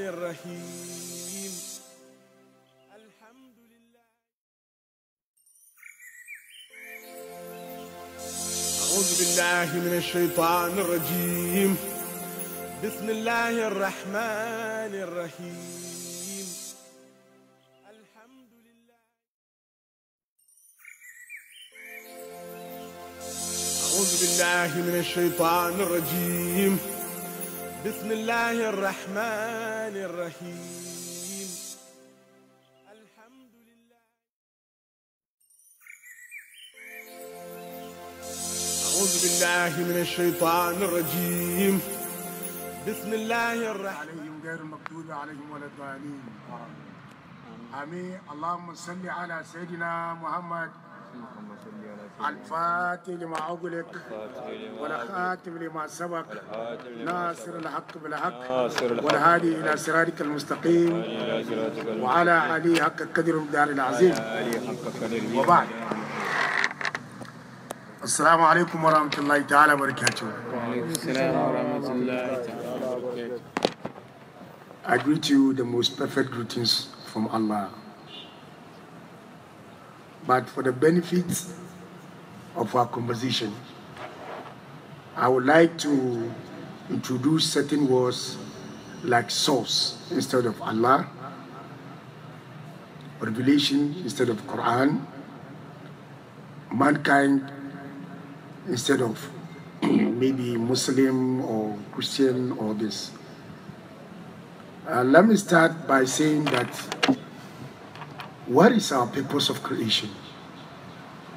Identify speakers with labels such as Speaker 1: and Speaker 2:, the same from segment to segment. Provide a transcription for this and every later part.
Speaker 1: الرحمن الرحيم
Speaker 2: الحمد لله
Speaker 3: أعوذ بالله من الشيطان الرجيم بسم الله
Speaker 1: الرحمن الرحيم الحمد لله
Speaker 3: أعوذ بالله من الشيطان الرجيم بسم الله
Speaker 1: الرحمن الرحيم الحمد لله
Speaker 3: أعوذ بالله من الشيطان الرجيم بسم الله الرحمن عليهم غير المكتوب عليهم ولا الضالين آمين اللهم صل على سيدنا محمد الفاتي لما أغلق والخاتم لما سبق ناصر الحق بالحق والهادي إلى سرارك المستقيم وعلى علي حق القدر الدار العظيم وبعد السلام عليكم ورحمة الله تعالى وبركاته السلام ورحمة الله تعالى I greet you the most perfect greetings from Allah But for the benefit of our conversation, I would like to introduce certain words like source instead of Allah, revelation instead of Quran, mankind instead of maybe Muslim or Christian or this. Uh, let me start by saying that what is our purpose of creation?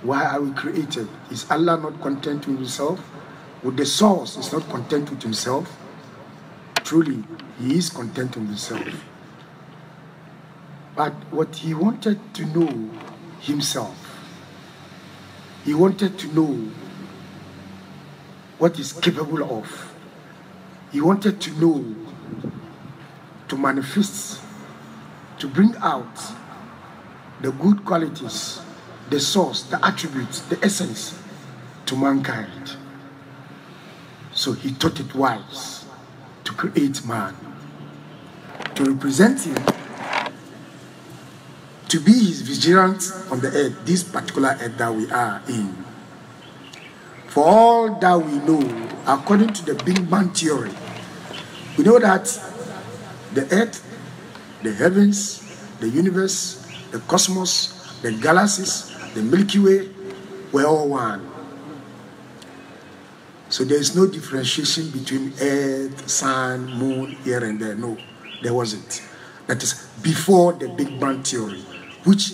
Speaker 3: Why are we created? Is Allah not content with himself? With the source is not content with himself? Truly, he is content with himself. But what he wanted to know himself, he wanted to know what he's capable of. He wanted to know, to manifest, to bring out the good qualities, the source, the attributes, the essence to mankind. So he thought it wise to create man, to represent him, to be his vigilant on the earth, this particular earth that we are in. For all that we know, according to the Big Bang theory, we know that the earth, the heavens, the universe, the cosmos, the galaxies, the Milky Way, we're all one. So there is no differentiation between earth, sun, moon, here and there. No, there wasn't. That is before the Big Bang Theory, which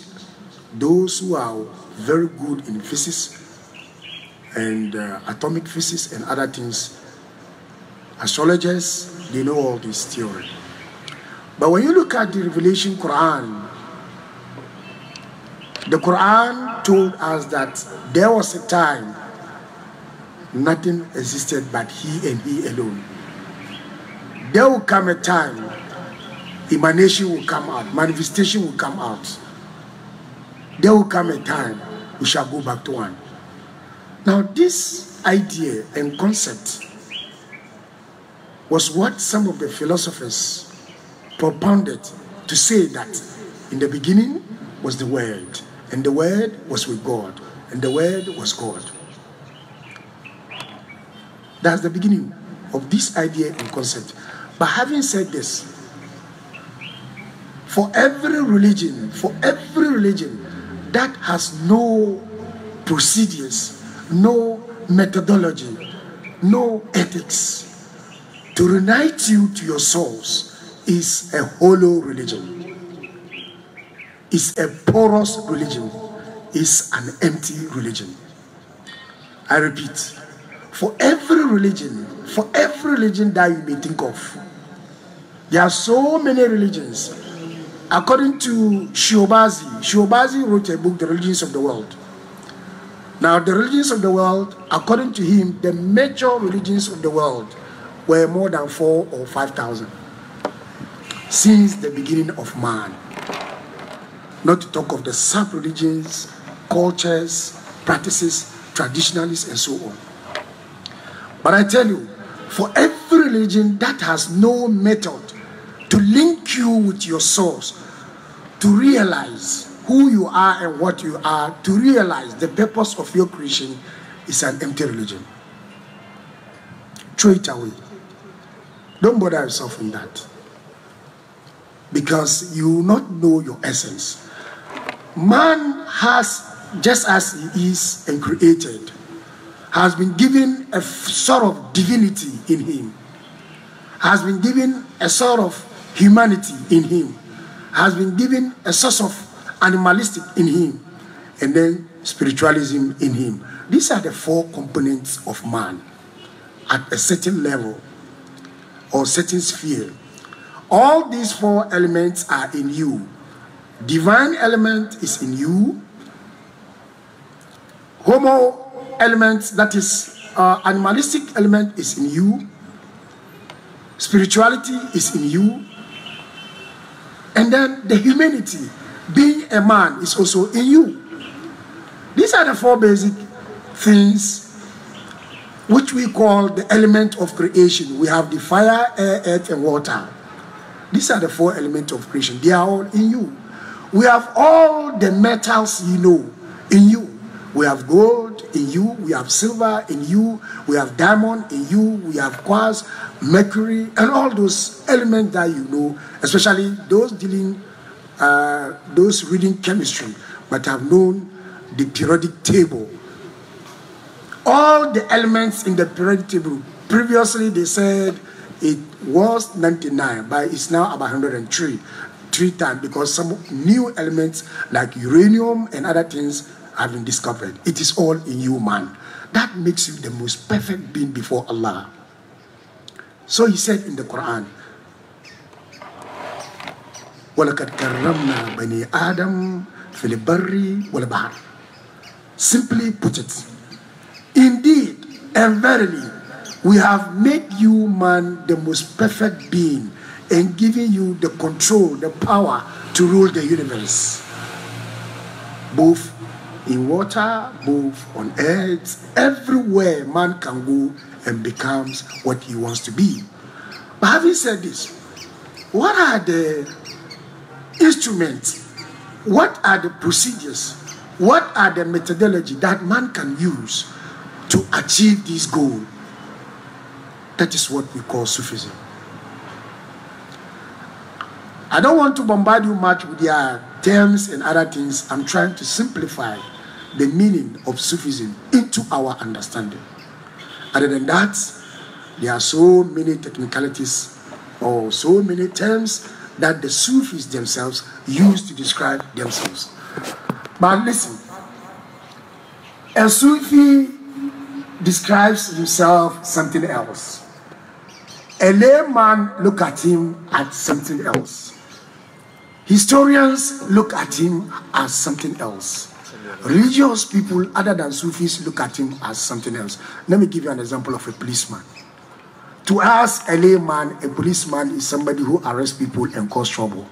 Speaker 3: those who are very good in physics and uh, atomic physics and other things, astrologers, they know all this theory. But when you look at the Revelation Quran, the Quran told us that there was a time nothing existed but He and He alone. There will come a time emanation will come out, manifestation will come out. There will come a time we shall go back to one. Now, this idea and concept was what some of the philosophers propounded to say that in the beginning was the Word. And the Word was with God. And the Word was God. That's the beginning of this idea and concept. But having said this, for every religion, for every religion that has no procedures, no methodology, no ethics, to unite you to your source is a hollow religion is a porous religion, is an empty religion. I repeat, for every religion, for every religion that you may think of, there are so many religions. According to Shiobazi, Shiobazi wrote a book, The Religions of the World. Now, the religions of the world, according to him, the major religions of the world were more than four or five thousand since the beginning of man not to talk of the sub-religions, cultures, practices, traditionalists, and so on. But I tell you, for every religion that has no method to link you with your source, to realize who you are and what you are, to realize the purpose of your creation is an empty religion. Throw it away. Don't bother yourself in that. Because you will not know your essence. Man has, just as he is and created, has been given a sort of divinity in him, has been given a sort of humanity in him, has been given a source of animalistic in him, and then spiritualism in him. These are the four components of man at a certain level or certain sphere. All these four elements are in you Divine element is in you. Homo element, that is uh, animalistic element, is in you. Spirituality is in you. And then the humanity, being a man, is also in you. These are the four basic things which we call the element of creation. We have the fire, air, earth, and water. These are the four elements of creation. They are all in you. We have all the metals you know in you. We have gold in you, we have silver in you, we have diamond in you, we have quartz, mercury, and all those elements that you know, especially those dealing, uh, those reading chemistry, but have known the periodic table. All the elements in the periodic table, previously they said it was 99, but it's now about 103 three times because some new elements like uranium and other things have been discovered. It is all in you, man. That makes you the most perfect being before Allah. So he said in the Quran, وَلَقَدْ كَرَّمْنَا بَنِي آدَمْ فِي الْبَرِّ Simply put it, indeed and verily, we have made you, man, the most perfect being and giving you the control, the power to rule the universe. Both in water, both on earth, everywhere man can go and becomes what he wants to be. But having said this, what are the instruments? What are the procedures? What are the methodology that man can use to achieve this goal? That is what we call Sufism. I don't want to bombard you much with their terms and other things. I'm trying to simplify the meaning of Sufism into our understanding. Other than that, there are so many technicalities or so many terms that the Sufis themselves use to describe themselves. But listen, a Sufi describes himself something else. A layman look at him at something else. Historians look at him as something else. Religious people other than Sufis look at him as something else. Let me give you an example of a policeman. To us, a layman, a policeman is somebody who arrests people and cause trouble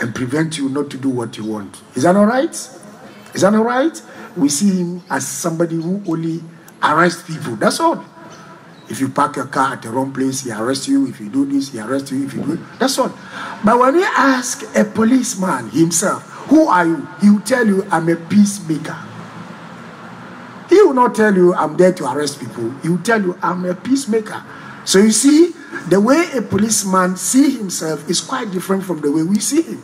Speaker 3: and prevent you not to do what you want. Is that all right? Is that all right? We see him as somebody who only arrests people. That's all. If you park your car at the wrong place, he arrests you. If you do this, he arrests you. If you do it, that's all. But when you ask a policeman himself, who are you? He will tell you, I'm a peacemaker. He will not tell you, I'm there to arrest people. He will tell you, I'm a peacemaker. So you see, the way a policeman see himself is quite different from the way we see him.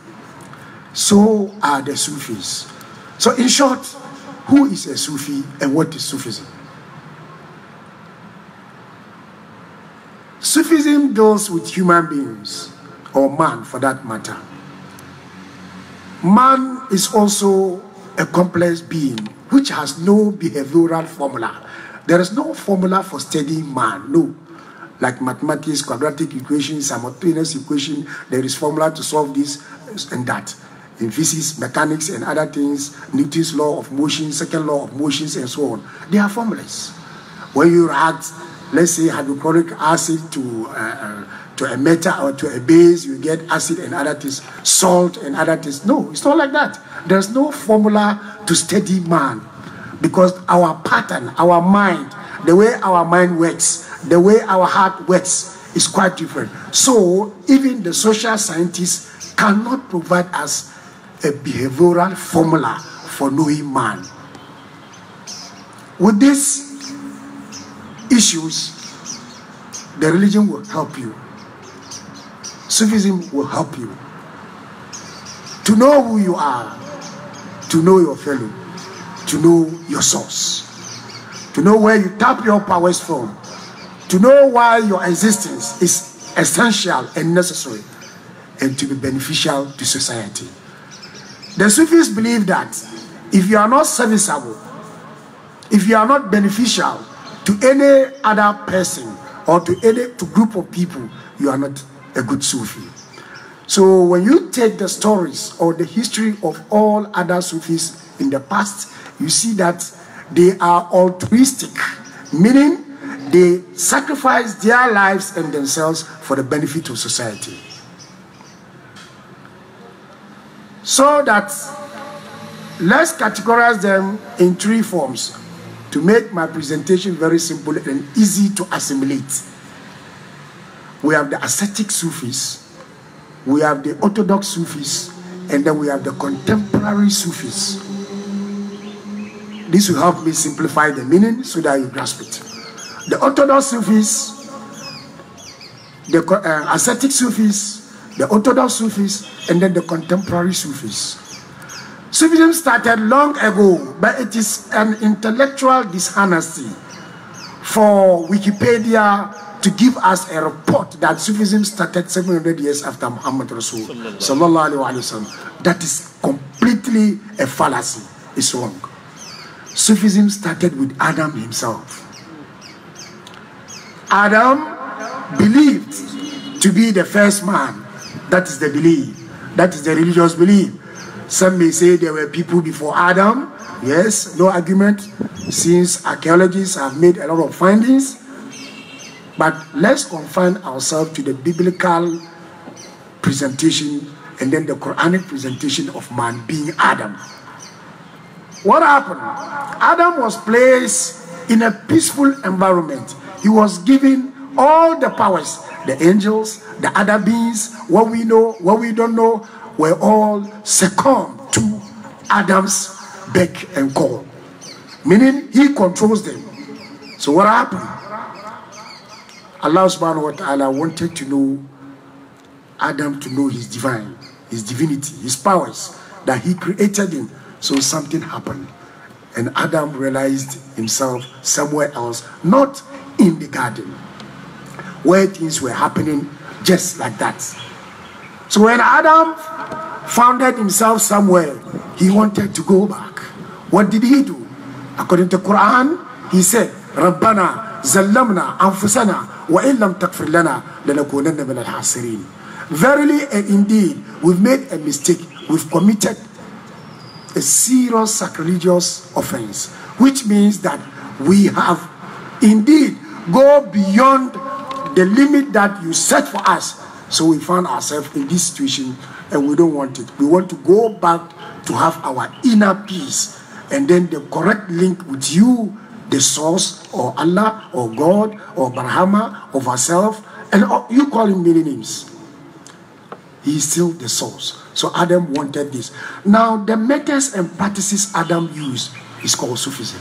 Speaker 3: So are the Sufis. So in short, who is a Sufi and what is Sufism? Sufism deals with human beings, or man for that matter. Man is also a complex being which has no behavioral formula. There is no formula for studying man, no. Like mathematics, quadratic equation, simultaneous equation, there is formula to solve this and that. In physics, mechanics, and other things, Newton's law of motion, second law of motions, and so on. They are formulas. When you act let's say, hydrochloric acid to, uh, uh, to a metal or to a base, you get acid and other things, salt and other things. No, it's not like that. There's no formula to steady man because our pattern, our mind, the way our mind works, the way our heart works is quite different. So even the social scientists cannot provide us a behavioral formula for knowing man. With this, issues, the religion will help you. Sufism will help you. To know who you are, to know your fellow, to know your source, to know where you tap your powers from, to know why your existence is essential and necessary, and to be beneficial to society. The Sufis believe that if you are not serviceable, if you are not beneficial, to any other person or to any to group of people, you are not a good Sufi. So when you take the stories or the history of all other Sufis in the past, you see that they are altruistic, meaning they sacrifice their lives and themselves for the benefit of society. So that let's categorize them in three forms to make my presentation very simple and easy to assimilate. We have the ascetic Sufis, we have the Orthodox Sufis, and then we have the contemporary Sufis. This will help me simplify the meaning so that you grasp it. The Orthodox Sufis, the uh, ascetic Sufis, the Orthodox Sufis, and then the contemporary Sufis. Sufism started long ago, but it is an intellectual dishonesty for Wikipedia to give us a report that Sufism started 700 years after Muhammad Rasul. That is completely a fallacy. It's wrong. Sufism started with Adam himself. Adam believed to be the first man. That is the belief. That is the religious belief. Some may say there were people before Adam. Yes, no argument, since archaeologists have made a lot of findings. But let's confine ourselves to the biblical presentation and then the Quranic presentation of man being Adam. What happened? Adam was placed in a peaceful environment. He was given all the powers, the angels, the other beings, what we know, what we don't know, were all succumbed to Adam's beck and call. Meaning he controls them. So what happened? Allah subhanahu wa ta'ala wanted to know Adam to know his divine, his divinity, his powers, that he created him. So something happened. And Adam realized himself somewhere else, not in the garden, where things were happening just like that. So when Adam founded himself somewhere, he wanted to go back. What did he do? According to Quran, he said, رَبَّنَا زَلَّمْنَا أَنفُسَنَا وَإِن لَمْ تَغْفِرْ لَنَا لَنَكُونَنَّ مِنَ الْحَاسِرِينَ Verily and indeed, we've made a mistake. We've committed a serious sacrilegious offense, which means that we have indeed go beyond the limit that you set for us so we found ourselves in this situation and we don't want it. We want to go back to have our inner peace and then the correct link with you, the source, or Allah, or God, or Brahma, of ourselves, and uh, you call him many names. He is still the source. So Adam wanted this. Now, the methods and practices Adam used is called Sufism.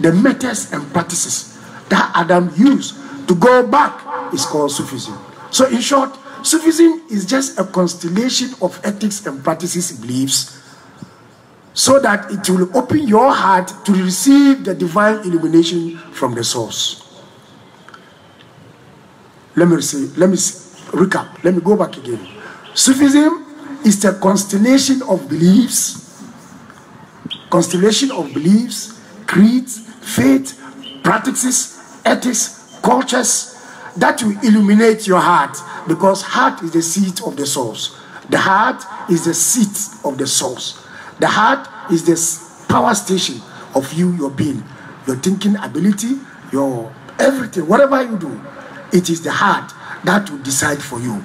Speaker 3: The methods and practices that Adam used to go back is called Sufism. So in short, Sufism is just a constellation of ethics and practices, beliefs, so that it will open your heart to receive the divine illumination from the source. Let me see, let me see, recap, let me go back again. Sufism is the constellation of beliefs, constellation of beliefs, creeds, faith, practices, ethics, cultures, that will illuminate your heart because heart is the seat of the source. The heart is the seat of the source. The heart is the power station of you, your being, your thinking ability, your everything, whatever you do, it is the heart that will decide for you.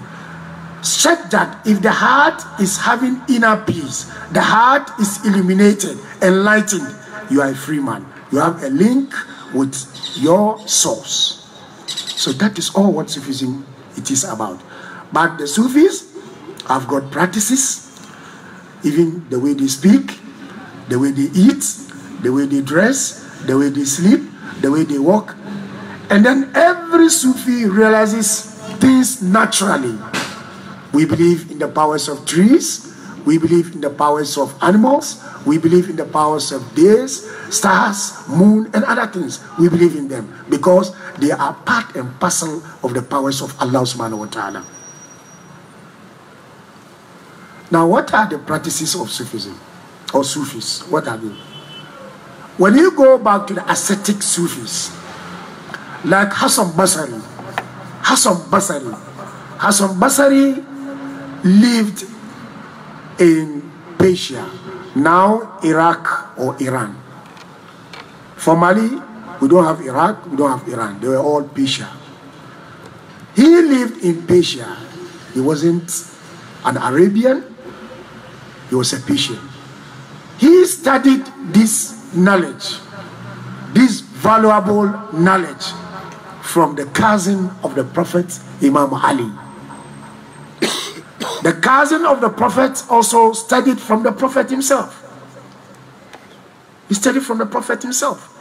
Speaker 3: Check that if the heart is having inner peace, the heart is illuminated, enlightened, you are a free man. You have a link with your source. So that is all what Sufism it is about. But the Sufis have got practices, even the way they speak, the way they eat, the way they dress, the way they sleep, the way they walk. And then every Sufi realizes things naturally. We believe in the powers of trees, we believe in the powers of animals, we believe in the powers of days, stars, moon, and other things. We believe in them because They are part and parcel of the powers of Allah subhanahu wa ta'ala. Now, what are the practices of Sufism or Sufis? What are they? When you go back to the ascetic Sufis, like Hassan Basri, Hassan Basri, Hassan Basri lived in Persia, now Iraq or Iran. Formerly, We don't have Iraq, we don't have Iran. They were all Persia. He lived in Persia. He wasn't an Arabian, he was a Persian. He studied this knowledge, this valuable knowledge from the cousin of the Prophet, Imam Ali. the cousin of the Prophet also studied from the Prophet himself. He studied from the Prophet himself.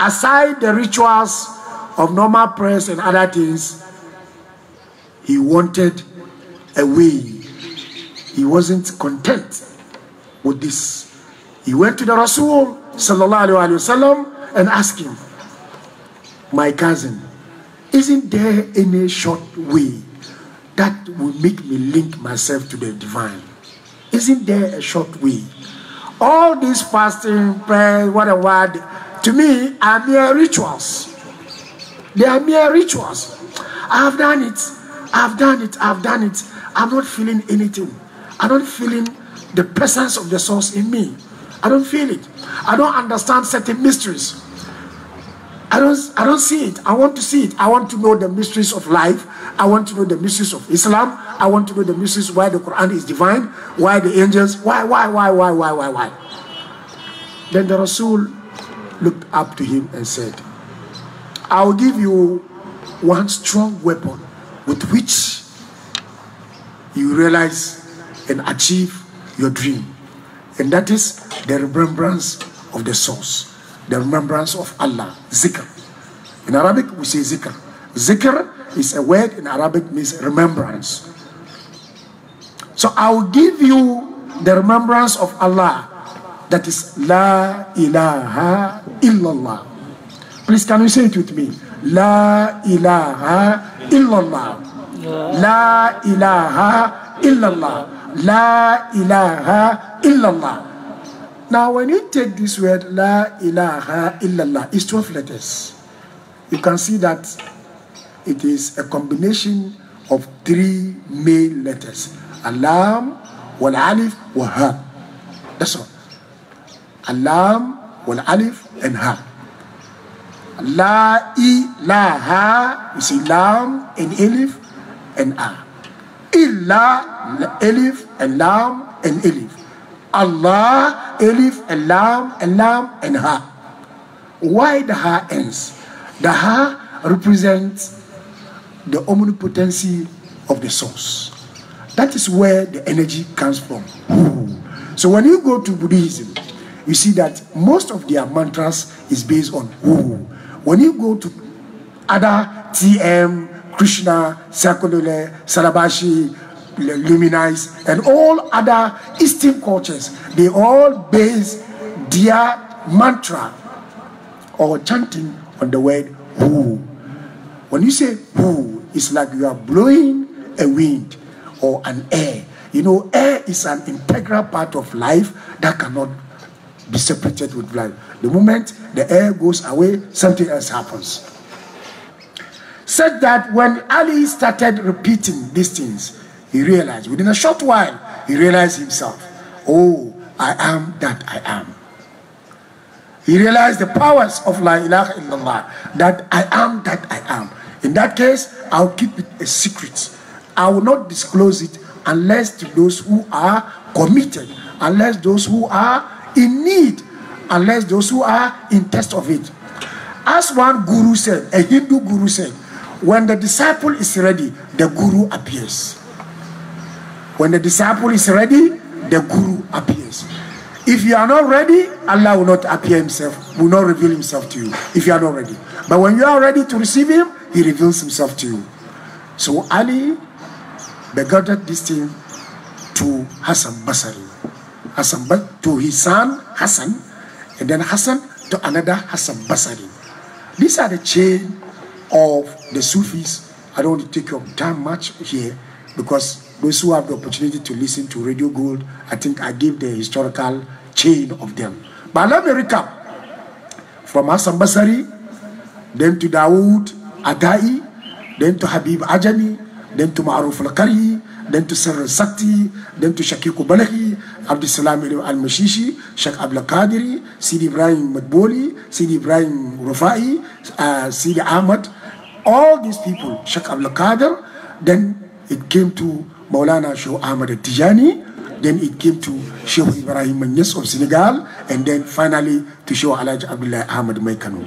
Speaker 3: Aside the rituals of normal prayers and other things, he wanted a way. He wasn't content with this. He went to the Rasul وسلم, and asked him, My cousin, isn't there any short way that will make me link myself to the divine? Isn't there a short way? All this fasting, prayer, what a word to me are mere rituals. They are mere rituals. I've done it. I've done it. I've done it. I'm not feeling anything. I'm not feeling the presence of the source in me. I don't feel it. I don't understand certain mysteries. I don't, I don't see it. I want to see it. I want to know the mysteries of life. I want to know the mysteries of Islam. I want to know the mysteries why the Quran is divine, why the angels, why, why, why, why, why, why, why. Then the Rasul looked up to him and said, I will give you one strong weapon with which you realize and achieve your dream. And that is the remembrance of the source, the remembrance of Allah, zikr. In Arabic, we say zikr. Zikr is a word in Arabic means remembrance. So I will give you the remembrance of Allah. That is La ilaha illallah. Please, can you say it with me? La ilaha illallah. La ilaha illallah. La ilaha illallah. Now, when you take this word, La ilaha illallah, it's 12 letters. You can see that it is a combination of three main letters Alam, Wal Alif, ha. That's all. Alam, Wal Alif, and ha. La ilaha is lam and elif and a. Illa elif and lam and elif. Allah elif and lam and lam and ha. Why the ha ends? The ha represents the omnipotency of the source. That is where the energy comes from. So when you go to Buddhism, you see that most of their mantras is based on who. When you go to other TM, Krishna, Sakodole, Sarabashi, Luminize, and all other Eastern cultures, they all base their mantra or chanting on the word who. When you say who, it's like you are blowing a wind or an air. You know, air is an integral part of life that cannot be separated with blood. The moment the air goes away, something else happens. Said that when Ali started repeating these things, he realized within a short while, he realized himself, Oh, I am that I am. He realized the powers of La ilaha illallah, that I am that I am. In that case, I'll keep it a secret. I will not disclose it unless to those who are committed, unless those who are in need unless those who are in test of it. As one guru said, a Hindu guru said, when the disciple is ready, the guru appears. When the disciple is ready, the guru appears. If you are not ready, Allah will not appear himself, will not reveal himself to you if you are not ready. But when you are ready to receive him, he reveals himself to you. So Ali begotten this thing to Hassan Basari. Hassan to his son Hassan, and then Hassan to another Hassan Basari. These are the chain of the Sufis. I don't want to take your time much here because those who have the opportunity to listen to Radio Gold, I think I give the historical chain of them. But let me recap. From Hassan Basari, then to Dawood Adai, then to Habib Ajani, then to Ma'ruf al then to Sir Sakti, then to Shakir Balahi, Abdulsalam Al-Mashishi, Sheikh Abla Qadiri, Sidi Ibrahim Madboli, Sidi Ibrahim Rufai, uh, Sidi Ahmad, all these people, Sheikh Abla Qadir, then it came to Maulana Sheikh Ahmad Tijani, then it came to Sheikh Ibrahim Manyes of Senegal, and then finally to Sheikh Alaj Abdullah Ahmad Maikanu.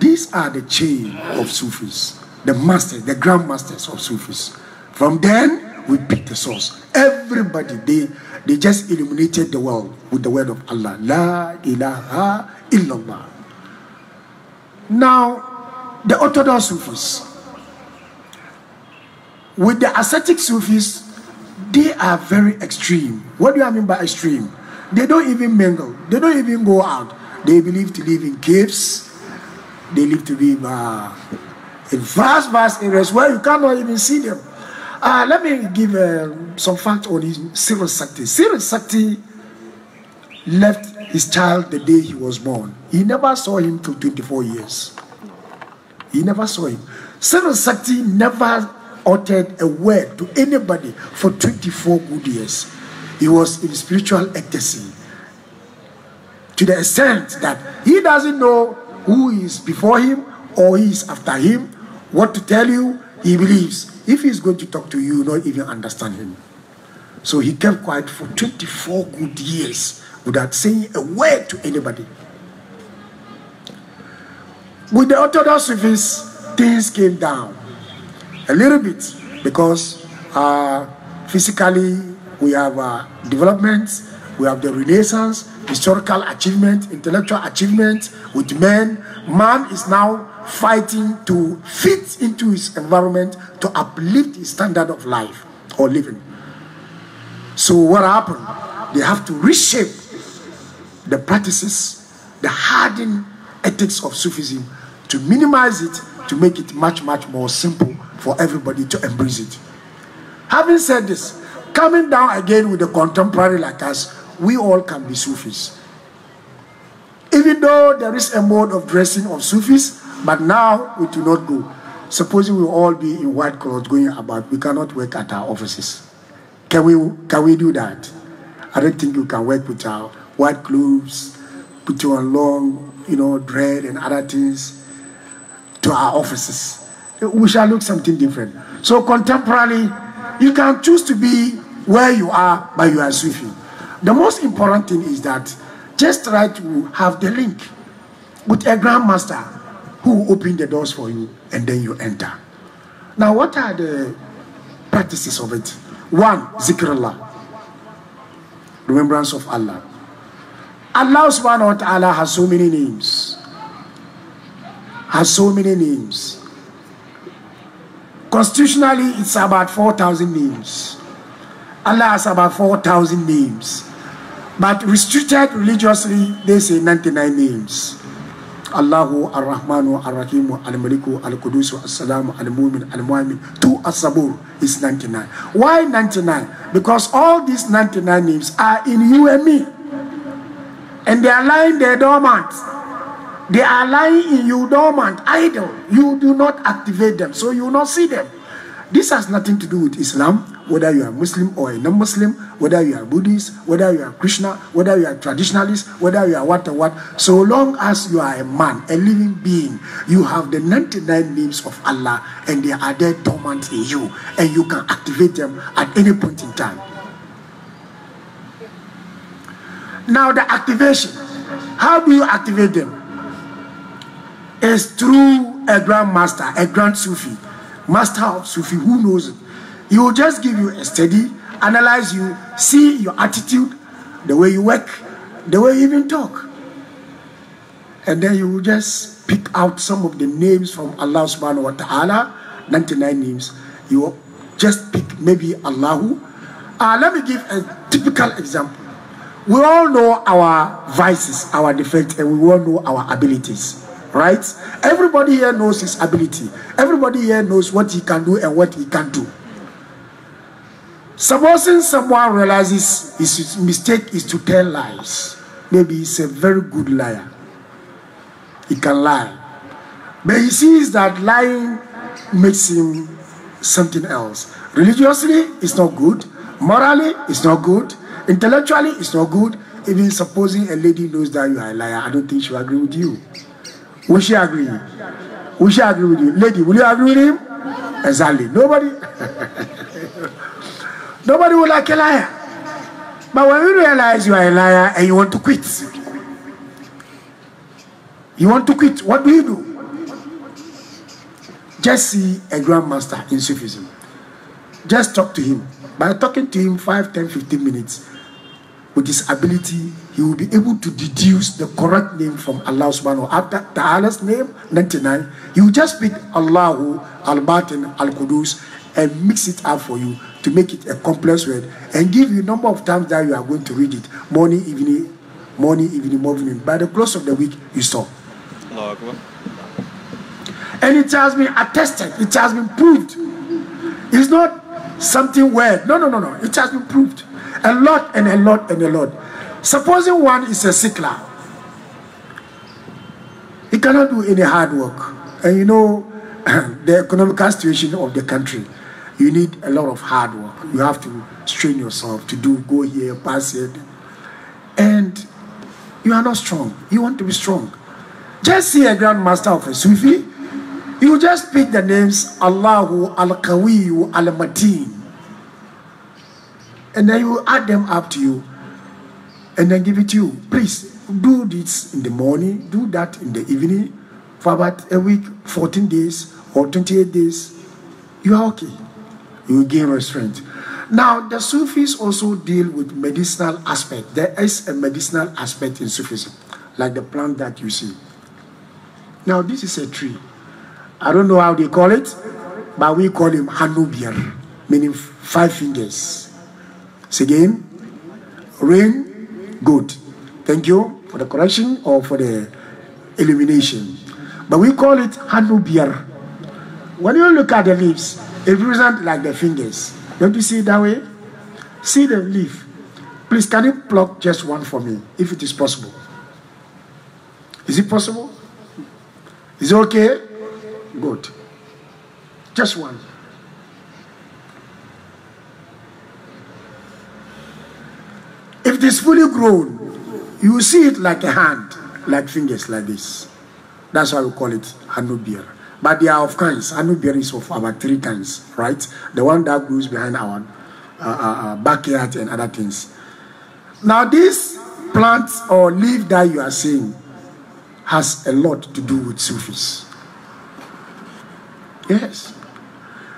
Speaker 3: These are the chain of Sufis the masters, the grandmasters of Sufis. From then, we picked the source. Everybody, they, they just illuminated the world with the word of Allah. La ilaha illallah. Now, the Orthodox Sufis, with the ascetic Sufis, they are very extreme. What do I mean by extreme? They don't even mingle. They don't even go out. They believe to live in caves. They live to be. uh, in vast, vast areas where you cannot even see them. Uh, let me give uh, some facts on his Cyril Sakti. Cyril Sakti left his child the day he was born. He never saw him till 24 years. He never saw him. Cyril Sakti never uttered a word to anybody for 24 good years. He was in spiritual ecstasy to the extent that he doesn't know who is before him or he is after him what to tell you, he believes. If he's going to talk to you, you not even understand him. So he kept quiet for 24 good years without saying a word to anybody. With the Orthodox service, things came down a little bit because uh, physically we have uh, developments, we have the Renaissance, historical achievement, intellectual achievement with men. Man is now fighting to fit into his environment to uplift his standard of life or living. So what happened? They have to reshape the practices, the hardened ethics of Sufism to minimize it, to make it much, much more simple for everybody to embrace it. Having said this, coming down again with a contemporary like us, we all can be Sufis. Even though there is a mode of dressing of Sufis, but now it will not go. Supposing we all be in white clothes going about, we cannot work at our offices. Can we, can we do that? I don't think you can work with our white clothes, put your on long, you know, dread and other things to our offices. We shall look something different. So contemporarily, you can choose to be where you are, but you are Sufi. The most important thing is that just try to have the link with a grandmaster who open the doors for you and then you enter. Now, what are the practices of it? One, zikrullah, remembrance of Allah. Allah subhanahu wa ta'ala has so many names. Has so many names. Constitutionally, it's about 4,000 names. Allah has about 4,000 names. But restricted religiously, they say 99 names. Allahu Ar-Rahmanu Ar-Rahimu Al-Maliku Al-Qudusu As-Salamu Al-Mumin Al-Mu'min to as is 99. Why 99? Because all these 99 names are in you and me. And they are lying there dormant. They are lying in you dormant, idle. You do not activate them, so you will not see them. This has nothing to do with Islam whether you are Muslim or a non-Muslim, whether you are Buddhist, whether you are Krishna, whether you are traditionalist, whether you are what or what. So long as you are a man, a living being, you have the 99 names of Allah and they are there dormant in you and you can activate them at any point in time. Now the activation, how do you activate them? Is through a grand master, a grand Sufi, master of Sufi, who knows it? He will just give you a study, analyze you, see your attitude, the way you work, the way you even talk. And then you will just pick out some of the names from Allah subhanahu wa ta'ala, 99 names. You will just pick maybe Allahu. Uh, let me give a typical example. We all know our vices, our defects, and we all know our abilities right? Everybody here knows his ability. Everybody here knows what he can do and what he can't do. Supposing someone realizes his mistake is to tell lies, maybe he's a very good liar. He can lie. But he sees that lying makes him something else. Religiously, it's not good. Morally, it's not good. Intellectually, it's not good. Even supposing a lady knows that you are a liar, I don't think she'll agree with you. Will she agree? Will she agree with you? Lady, will you agree with him? Exactly. Nobody. Nobody will like a liar. But when you realize you are a liar and you want to quit, you want to quit, what do you do? Just see a grandmaster in Sufism. Just talk to him. By talking to him 5, 10, 15 minutes, with his ability, he will be able to deduce the correct name from Allah subhanahu wa name, 99. He will just speak Allahu, Al-Batin, Al-Qudus, and mix it up for you to make it a complex word and give you number of times that you are going to read it morning, evening, morning, evening, morning. By the close of the week, you stop. and it has been attested, it has been proved. It's not something weird. No, no, no, no. It has been proved. A lot and a lot and a lot. Supposing one is a sickler, he cannot do any hard work. And you know the economical situation of the country you need a lot of hard work. You have to strain yourself to do, go here, pass it. And you are not strong. You want to be strong. Just see a grandmaster of a Sufi. You just pick the names Allahu, Al Qawiyu, Al Mateen. And then you add them up to you and then give it to you. Please do this in the morning, do that in the evening for about a week, 14 days, or 28 days. You are okay. He will gain restraint. Now, the Sufis also deal with medicinal aspect. There is a medicinal aspect in Sufism, like the plant that you see. Now, this is a tree. I don't know how they call it, but we call him Hanubian, meaning five fingers. Say again, rain, good. Thank you for the correction or for the illumination. But we call it Hanubian. When you look at the leaves, it represents like the fingers. Don't you see it that way? See the leaf. Please, can you pluck just one for me, if it is possible? Is it possible? Is it okay? Good. Just one. If it is fully grown, you will see it like a hand, like fingers, like this. That's why we call it hand But they are of kinds. Anubiari is of about three kinds, right? The one that grows behind our uh, uh, uh, backyard and other things. Now, this plant or leaf that you are seeing has a lot to do with Sufis. Yes.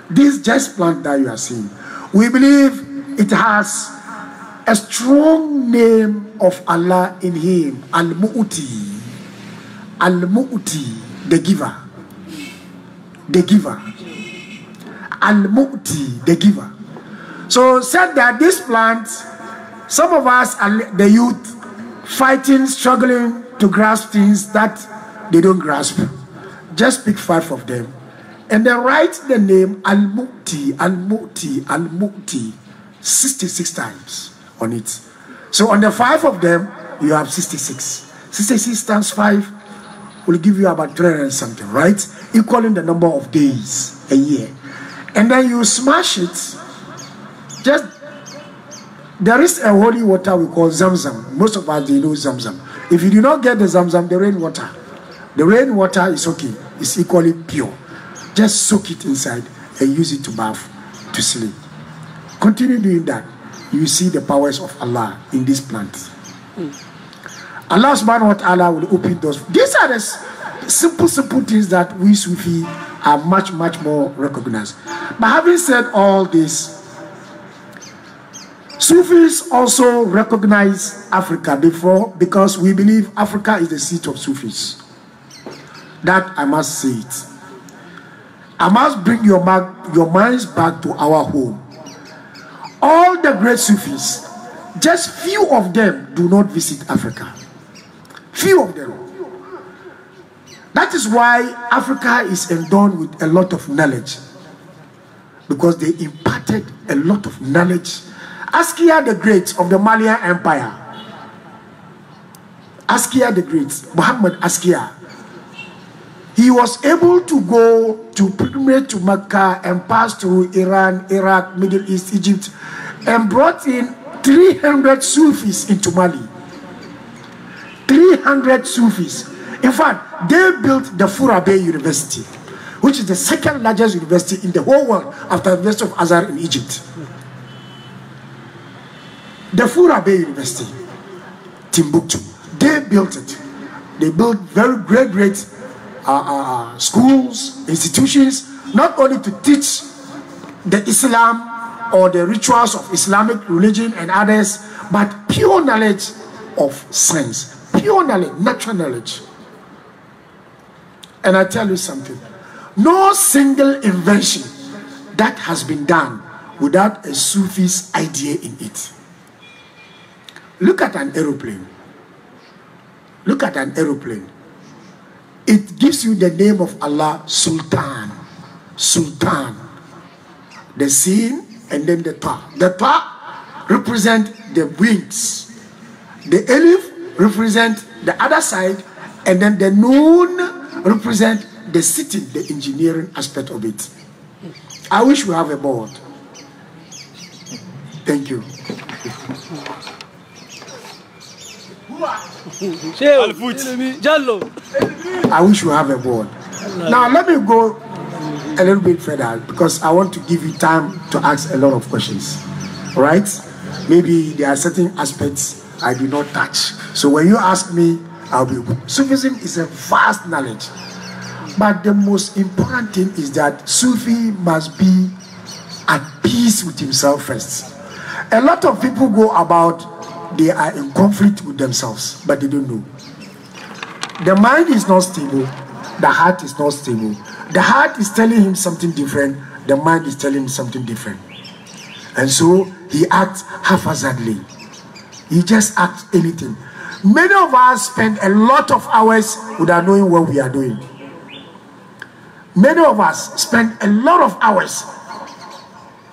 Speaker 3: This just plant that you are seeing, we believe it has a strong name of Allah in him Al Mu'ti. Al Mu'ti, the giver. the giver, and Mukti, the giver. So said that this plant, some of us and the youth fighting, struggling to grasp things that they don't grasp. Just pick five of them. And then write the name Al-Mukti, Al-Mukti, Al-Mukti 66 times on it. So on the five of them, you have 66. 66 times five will give you about 300 something, right? equaling the number of days a year. And then you smash it. Just there is a holy water we call Zamzam. Most of us they know Zamzam. If you do not get the Zamzam, the rainwater, the rainwater is okay. It's equally pure. Just soak it inside and use it to bath, to sleep. Continue doing that. You see the powers of Allah in this plant. Mm. Allah subhanahu wa ta'ala will open those. These are the simple, simple things that we Sufi are much, much more recognized. But having said all this, Sufis also recognize Africa before because we believe Africa is the seat of Sufis. That I must say it. I must bring your, your minds back to our home. All the great Sufis, just few of them do not visit Africa. Few of them. That is why Africa is endowed with a lot of knowledge. Because they imparted a lot of knowledge. Askia the Great of the Malian Empire. Askia the Great, Muhammad Askia. He was able to go to pilgrimage to Mecca and pass through Iran, Iraq, Middle East, Egypt, and brought in 300 Sufis into Mali. 300 Sufis. In fact, they built the Furabey University, which is the second largest university in the whole world after the University of Azhar in Egypt. The Furabey University, Timbuktu, they built it. They built very great, great uh, uh, schools, institutions, not only to teach the Islam or the rituals of Islamic religion and others, but pure knowledge of science, pure knowledge, natural knowledge. And I tell you something. No single invention that has been done without a Sufi's idea in it. Look at an aeroplane. Look at an aeroplane. It gives you the name of Allah, Sultan. Sultan. The sin and then the ta. The ta represent the wings. The elif represent the other side and then the noon represent the city, the engineering aspect of it. I wish we have a board. Thank you.
Speaker 2: I
Speaker 3: wish we have a board. Now let me go a little bit further because I want to give you time to ask a lot of questions. Right? Maybe there are certain aspects I do not touch. So when you ask me I'll be able. Sufism is a vast knowledge. But the most important thing is that Sufi must be at peace with himself first. A lot of people go about, they are in conflict with themselves, but they don't know. The mind is not stable, the heart is not stable. The heart is telling him something different, the mind is telling him something different. And so he acts haphazardly. He just acts anything. Many of us spend a lot of hours without knowing what we are doing. Many of us spend a lot of hours.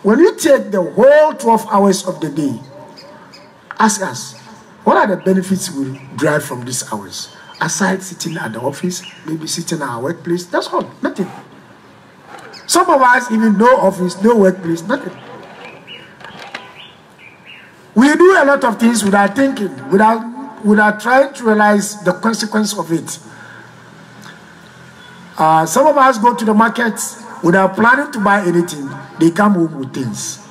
Speaker 3: When you take the whole 12 hours of the day, ask us, what are the benefits we derive from these hours? Aside sitting at the office, maybe sitting at our workplace, that's all, nothing. Some of us even no office, no workplace, nothing. We do a lot of things without thinking, without we are trying to realize the consequence of it. Uh, some of us go to the market without planning to buy anything. They come home with things.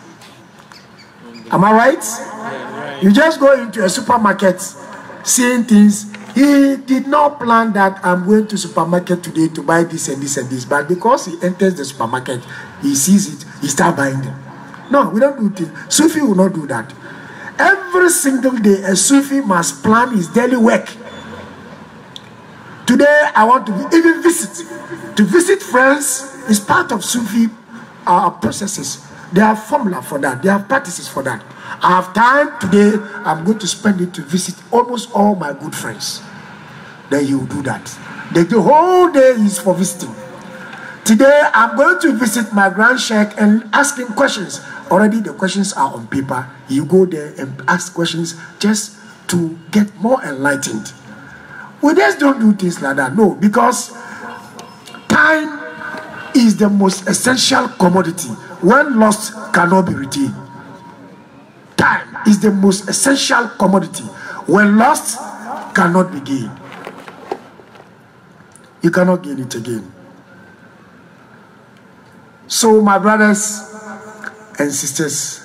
Speaker 3: Am I
Speaker 2: right?
Speaker 3: You just go into a supermarket, seeing things. He did not plan that I'm going to supermarket today to buy this and this and this. But because he enters the supermarket, he sees it, he start buying them. No, we don't do things. Sufi will not do that. Every single day, a Sufi must plan his daily work. Today, I want to even visit. To visit friends is part of Sufi uh, processes. There are formula for that. There are practices for that. I have time today. I'm going to spend it to visit almost all my good friends. Then you do that. Then the whole day is for visiting. Today, I'm going to visit my grand sheikh and ask him questions. Already the questions are on paper. You go there and ask questions just to get more enlightened. We just don't do things like that. No, because time is the most essential commodity. When lost, cannot be retained. Time is the most essential commodity. When lost, cannot be gained. You cannot gain it again. So, my brothers, and sisters.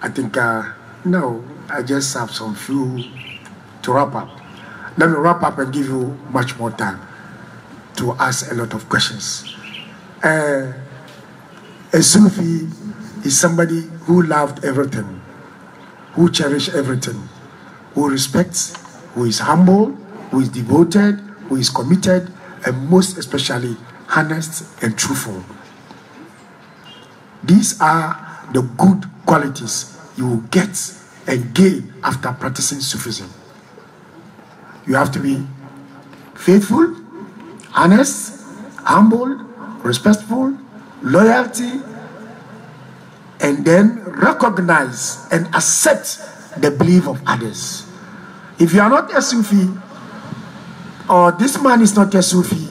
Speaker 3: I think uh, no, I just have some few to wrap up. Let me wrap up and give you much more time to ask a lot of questions. Uh, a Sufi is somebody who loved everything, who cherished everything, who respects, who is humble, who is devoted, who is committed, and most especially honest and truthful. These are the good qualities you will get and gain after practicing Sufism. You have to be faithful, honest, humble, respectful, loyalty, and then recognize and accept the belief of others. If you are not a Sufi, or this man is not a Sufi,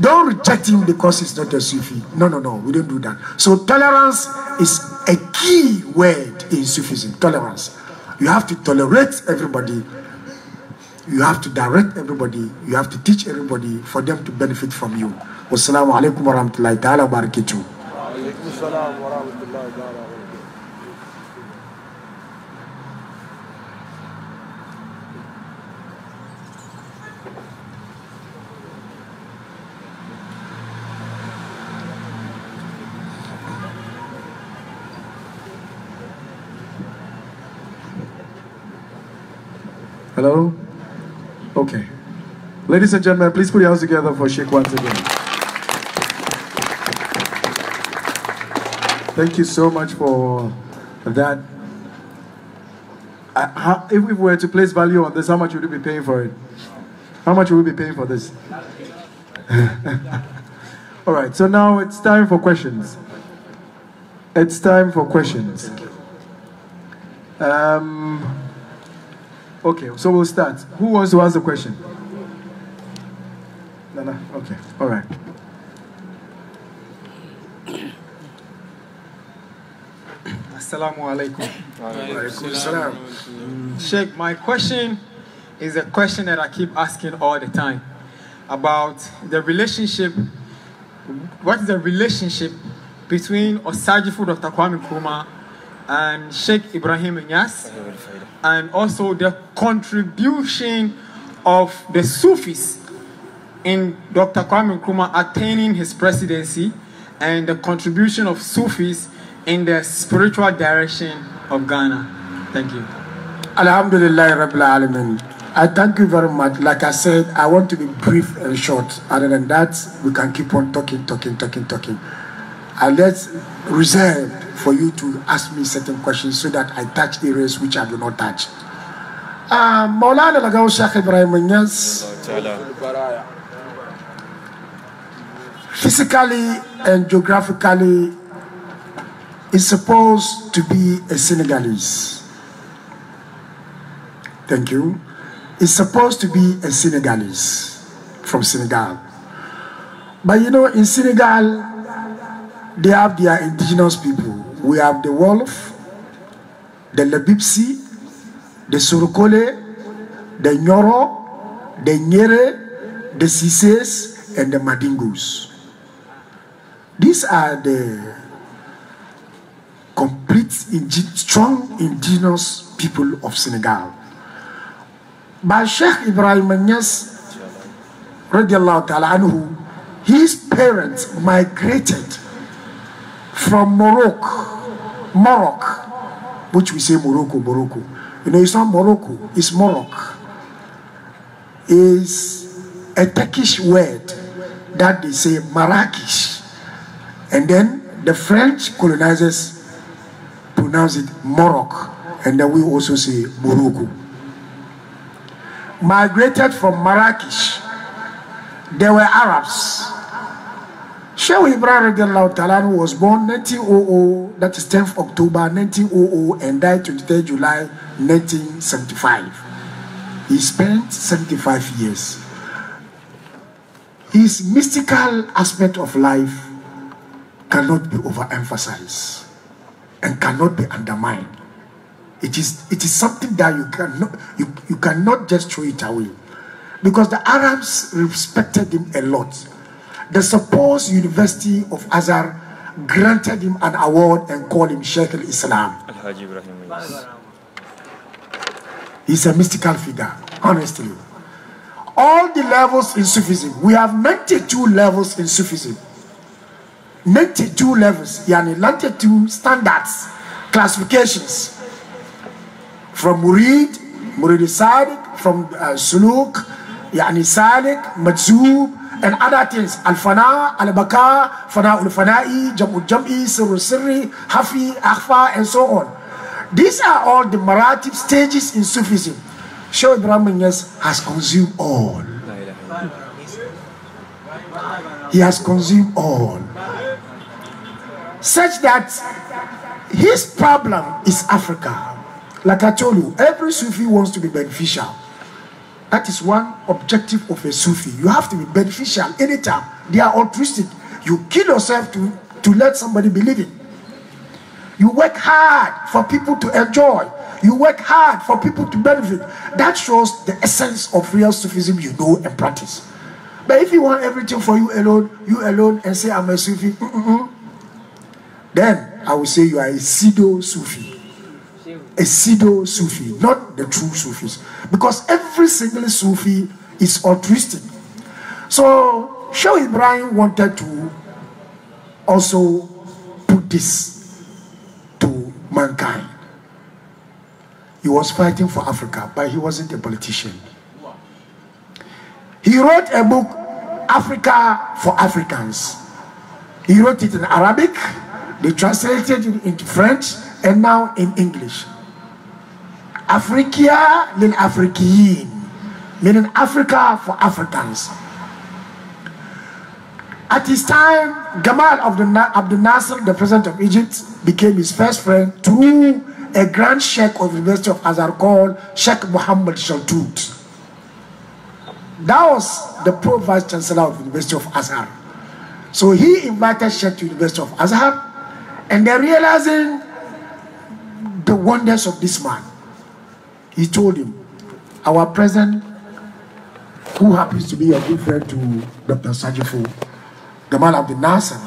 Speaker 3: don't reject him because he's not a Sufi. No, no, no, we don't do that. So tolerance is a key word in Sufism, tolerance. You have to tolerate everybody you have to direct everybody. You have to teach everybody for them to benefit from you. Wassalamu alaikum wa rahmatullahi ta'ala wa barakatuh.
Speaker 1: Hello? Ladies and gentlemen, please put your hands together for Sheikh once again. Thank you so much for that. Uh, how, if we were to place value on this, how much would you be paying for it? How much would we be paying for this? All right, so now it's time for questions. It's time for questions. Um, okay, so we'll start. Who wants to ask a question? Okay, all right.
Speaker 4: Assalamu alaikum. Sheikh, my question is a question that I keep asking all the time about the relationship. What is the relationship between Osajifu Dr. Kwame Nkrumah and Sheikh Ibrahim Inyas, and also the contribution of the Sufis in Dr. Kwame Nkrumah attaining his presidency and the contribution of Sufis in the spiritual direction of Ghana. Thank you.
Speaker 3: Alhamdulillah Rabbil Alamin. I thank you very much. Like I said, I want to be brief and short. Other than that, we can keep on talking, talking, talking, talking. I let reserve for you to ask me certain questions so that I touch areas which I do not touch. Um, مولانا لقاو الشيخ Physically and geographically, is supposed to be a Senegalese. Thank you. Is supposed to be a Senegalese from Senegal. But you know, in Senegal, they have their indigenous people. We have the Wolof, the Lebipsi, the Surukole, the Nyoro, the Nyere, the Sises, and the Madingus. These are the complete, strong indigenous people of Senegal. By Sheikh Ibrahim Anyas, his parents migrated from Morocco, Morocco, which we say Morocco, Morocco. You know, it's not Morocco, it's Morocco. It's a Turkish word that they say Marrakesh. And then the French colonizers pronounce it Morocco, and then we also say Morocco. Migrated from Marrakesh, they were Arabs. Sheikh Ibrahim was born 1900, that is 10th October 1900, and died 23 July 1975. He spent 75 years. His mystical aspect of life cannot be overemphasized and cannot be undermined. It is, it is something that you cannot, you, you cannot just throw it away. Because the Arabs respected him a lot. The supposed University of Azhar granted him an award and called him Sheikh al-Islam. He's a mystical figure, honestly. All the levels in Sufism, we have 92 levels in Sufism. 92 levels, yani 92 standards, classifications. From Murid, Murid Sadiq, from uh, Suluk, yani Salik, Majzub, and other things. Al-Fana, Al-Baka, Fana Al-Fana'i, Jam'u Jam'i, Sirri, Hafi, Akhfa, and so on. These are all the maratib stages in Sufism. Sheikh Ibrahim Yes has consumed all. He has consumed all such that his problem is Africa. Like I told you, every Sufi wants to be beneficial. That is one objective of a Sufi. You have to be beneficial anytime. They are altruistic. You kill yourself to, to let somebody believe it. You work hard for people to enjoy. You work hard for people to benefit. That shows the essence of real Sufism you know and practice. But if you want everything for you alone, you alone, and say, I'm a Sufi, mm -mm -mm. Then I will say you are a pseudo Sufi. A pseudo Sufi, not the true Sufis. Because every single Sufi is altruistic. So Sheikh Ibrahim wanted to also put this to mankind. He was fighting for Africa, but he wasn't a politician. He wrote a book, Africa for Africans. He wrote it in Arabic, they translated it into French and now in English. Africa means African, meaning Africa for Africans. At his time, Gamal Abdel Nasser, the president of Egypt, became his first friend through a grand sheikh of the University of Azhar called Sheikh Mohammed Shaltut. That was the pro vice chancellor of the University of Azhar. So he invited Sheikh to the University of Azhar and they're realizing the wonders of this man. He told him, Our president, who happens to be a good friend to Dr. Sajifu, the man of the Nasser,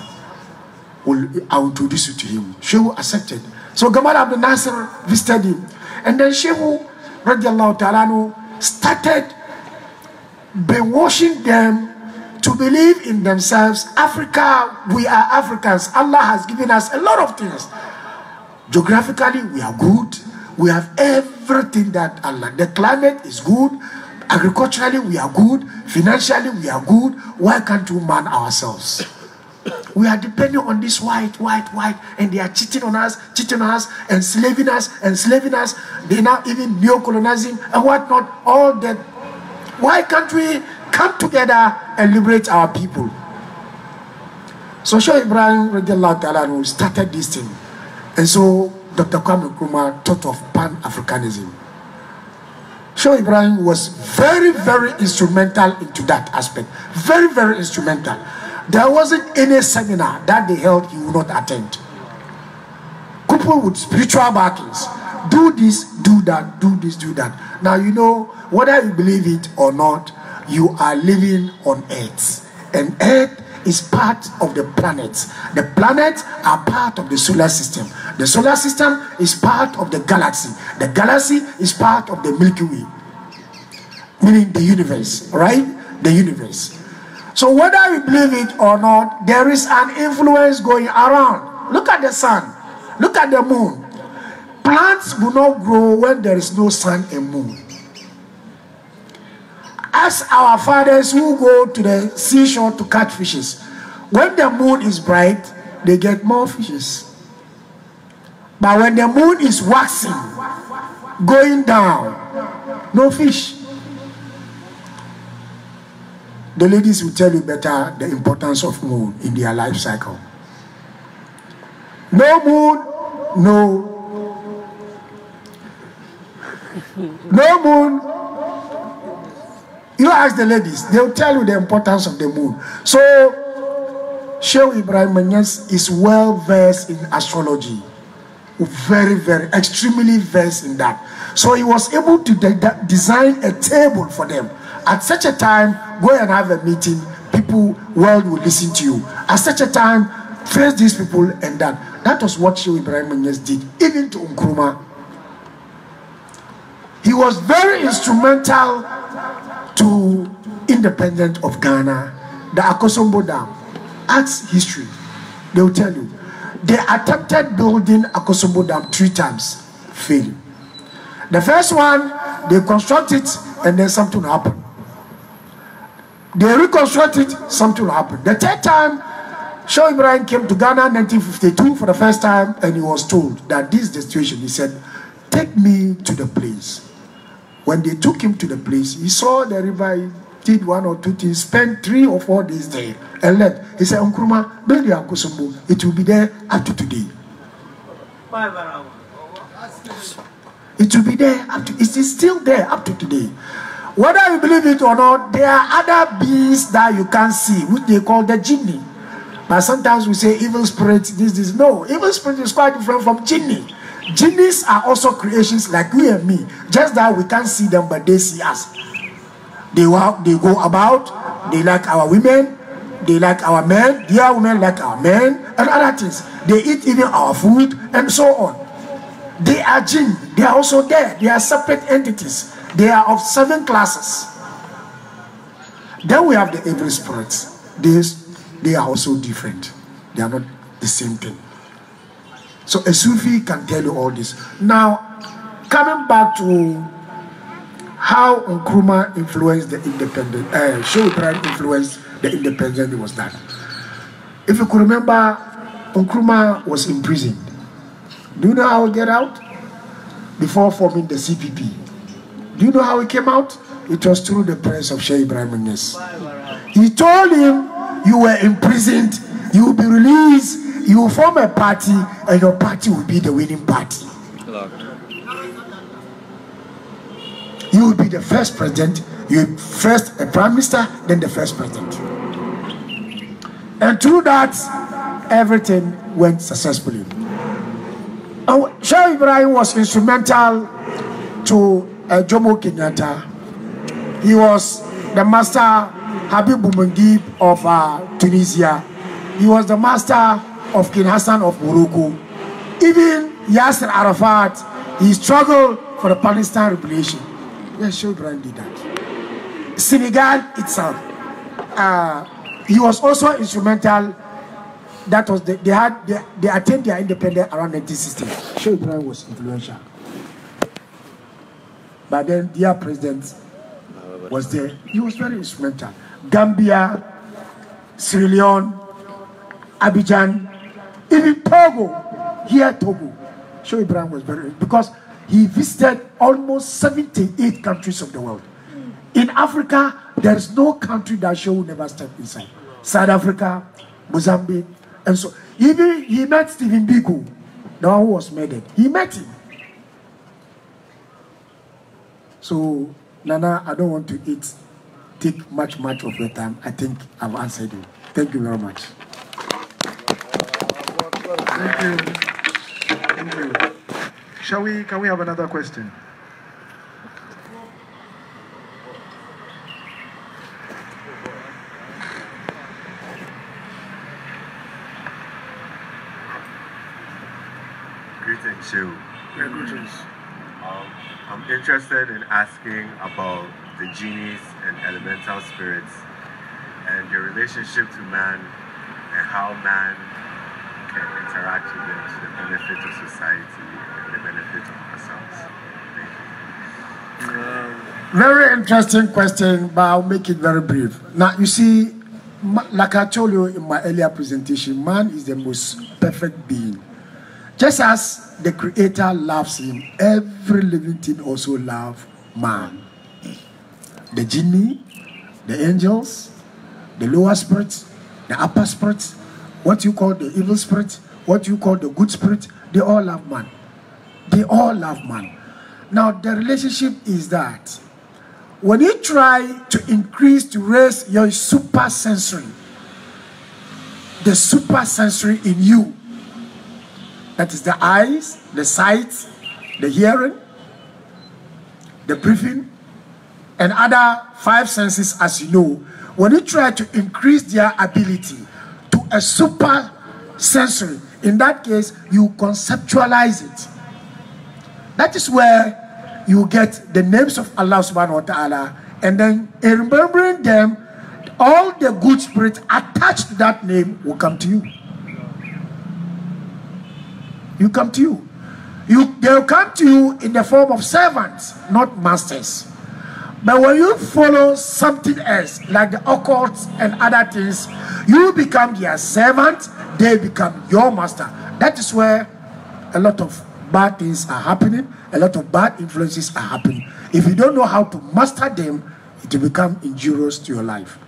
Speaker 3: will, I will introduce you to him. Shehu accepted. So Gamal Abdel Nasser visited him. And then Shehu, radiallahu ta'ala, started bewashing them to believe in themselves. Africa, we are Africans. Allah has given us a lot of things. Geographically, we are good. We have everything that Allah. The climate is good. Agriculturally, we are good. Financially, we are good. Why can't we man ourselves? We are depending on this white, white, white, and they are cheating on us, cheating on us, enslaving us, enslaving us. They now even neo-colonizing and whatnot. All that. Why can't we come together and liberate our people. So Sheikh Ibrahim Radiallahu started this thing. And so Dr. Kwame Nkrumah thought of Pan-Africanism. Sheikh Ibrahim was very, very instrumental into that aspect. Very, very instrumental. There wasn't any seminar that they held he would not attend. People with spiritual backings. Do this, do that, do this, do that. Now, you know, whether you believe it or not, you are living on earth and earth is part of the planets. The planets are part of the solar system. The solar system is part of the galaxy. The galaxy is part of the Milky Way, meaning the universe, right? The universe. So whether we believe it or not, there is an influence going around. Look at the sun. Look at the moon. Plants will not grow when there is no sun and moon. As our fathers who go to the seashore to catch fishes, when the moon is bright, they get more fishes. But when the moon is waxing, going down, no fish. The ladies will tell you better the importance of moon in their life cycle. No moon, no. No moon, you ask the ladies, they'll tell you the importance of the moon. So, Sheikh Ibrahim Menyes is well versed in astrology. Very, very, extremely versed in that. So he was able to de de design a table for them. At such a time, go and have a meeting. People, world will listen to you. At such a time, face these people and that. That was what Sheikh Ibrahim Menyes did, even to Nkrumah. He was very instrumental to independence of Ghana, the Akosombo Dam. Ask history. They will tell you. They attempted building Akosombo Dam three times, failed. The first one, they construct it and then something happened. They reconstruct it, something happened. The third time, Shaw Ibrahim came to Ghana in 1952 for the first time and he was told that this is the situation. He said, take me to the place When they took him to the place, he saw the river, he did one or two things, spent three or four days there, and left. He said, Nkrumah, build your Akosombo. It will be there up to today. It will be there up to, it is still there up to today. Whether you believe it or not, there are other beings that you can't see, which they call the genie. But sometimes we say evil spirits, this, is No, evil spirit is quite different from genie. Genies are also creations like you and me. Just that we can't see them, but they see us. They, walk, they go about, they like our women, they like our men, their women like our men, and other things. They eat even our food, and so on. They are jinn. They are also there. They are separate entities. They are of seven classes. Then we have the evil spirits. These, they are also different. They are not the same thing. So a Sufi can tell you all this. Now, coming back to how Nkrumah influenced the independent, uh, eh, Showtime influenced the independent was that. If you could remember, Nkrumah was imprisoned. Do you know how he got out? Before forming the CPP. Do you know how he came out? It was through the prayers of Sheikh Ibrahim Yes. He told him, you were imprisoned, you will be released, you will form a party and your party will be the winning party. You will be the first president, you first a prime minister, then the first president. And through that, everything went successfully. And Sheikh Ibrahim was instrumental to uh, Jomo Kenyatta. He was the master Habib Boumendib of uh, Tunisia. He was the master of King Hassan of Morocco. Even Yasser Arafat, he struggled for the Palestine liberation. Yes, children did that. Senegal itself, uh, he was also instrumental. That was the, they had they, they attained their independence around 1960. Children was influential. But then their president was there. He was very instrumental. Gambia, Sierra Leone, Abidjan, Even Togo, here Togo, Shoei Brown was very because he visited almost 78 countries of the world. In Africa, there is no country that Shoei never stepped inside. South Africa, Mozambique, and so even he met Stephen Biko, the one who was murdered. He met him. So, Nana, I don't want to eat, take much, much of your time. I think I've answered you. Thank you very much.
Speaker 1: Thank you. Thank you. Shall we, can we have another question?
Speaker 3: Greetings, you. greetings. Um, I'm interested in asking about the genies and elemental spirits and their relationship to man and how man uh, interact with them to the benefit of society and the benefit of ourselves. Um, very interesting question, but I'll make it very brief. Now, you see, like I told you in my earlier presentation, man is the most perfect being. Just as the Creator loves him, every living thing also loves man. The genie, the angels, the lower spirits, the upper spirits, what you call the evil spirit, what you call the good spirit, they all love man. They all love man. Now, the relationship is that when you try to increase, to raise your super sensory, the super sensory in you, that is the eyes, the sight, the hearing, the breathing, and other five senses as you know, when you try to increase their ability, a super sensory. In that case, you conceptualize it. That is where you get the names of Allah subhanahu wa ta'ala and then remembering them, all the good spirits attached to that name will come to you. You come to you. You, they'll come to you in the form of servants, not masters. But when you follow something else, like the occult and other things, you become their servant, they become your master. That is where a lot of bad things are happening, a lot of bad influences are happening. If you don't know how to master them, it will become injurious to your life.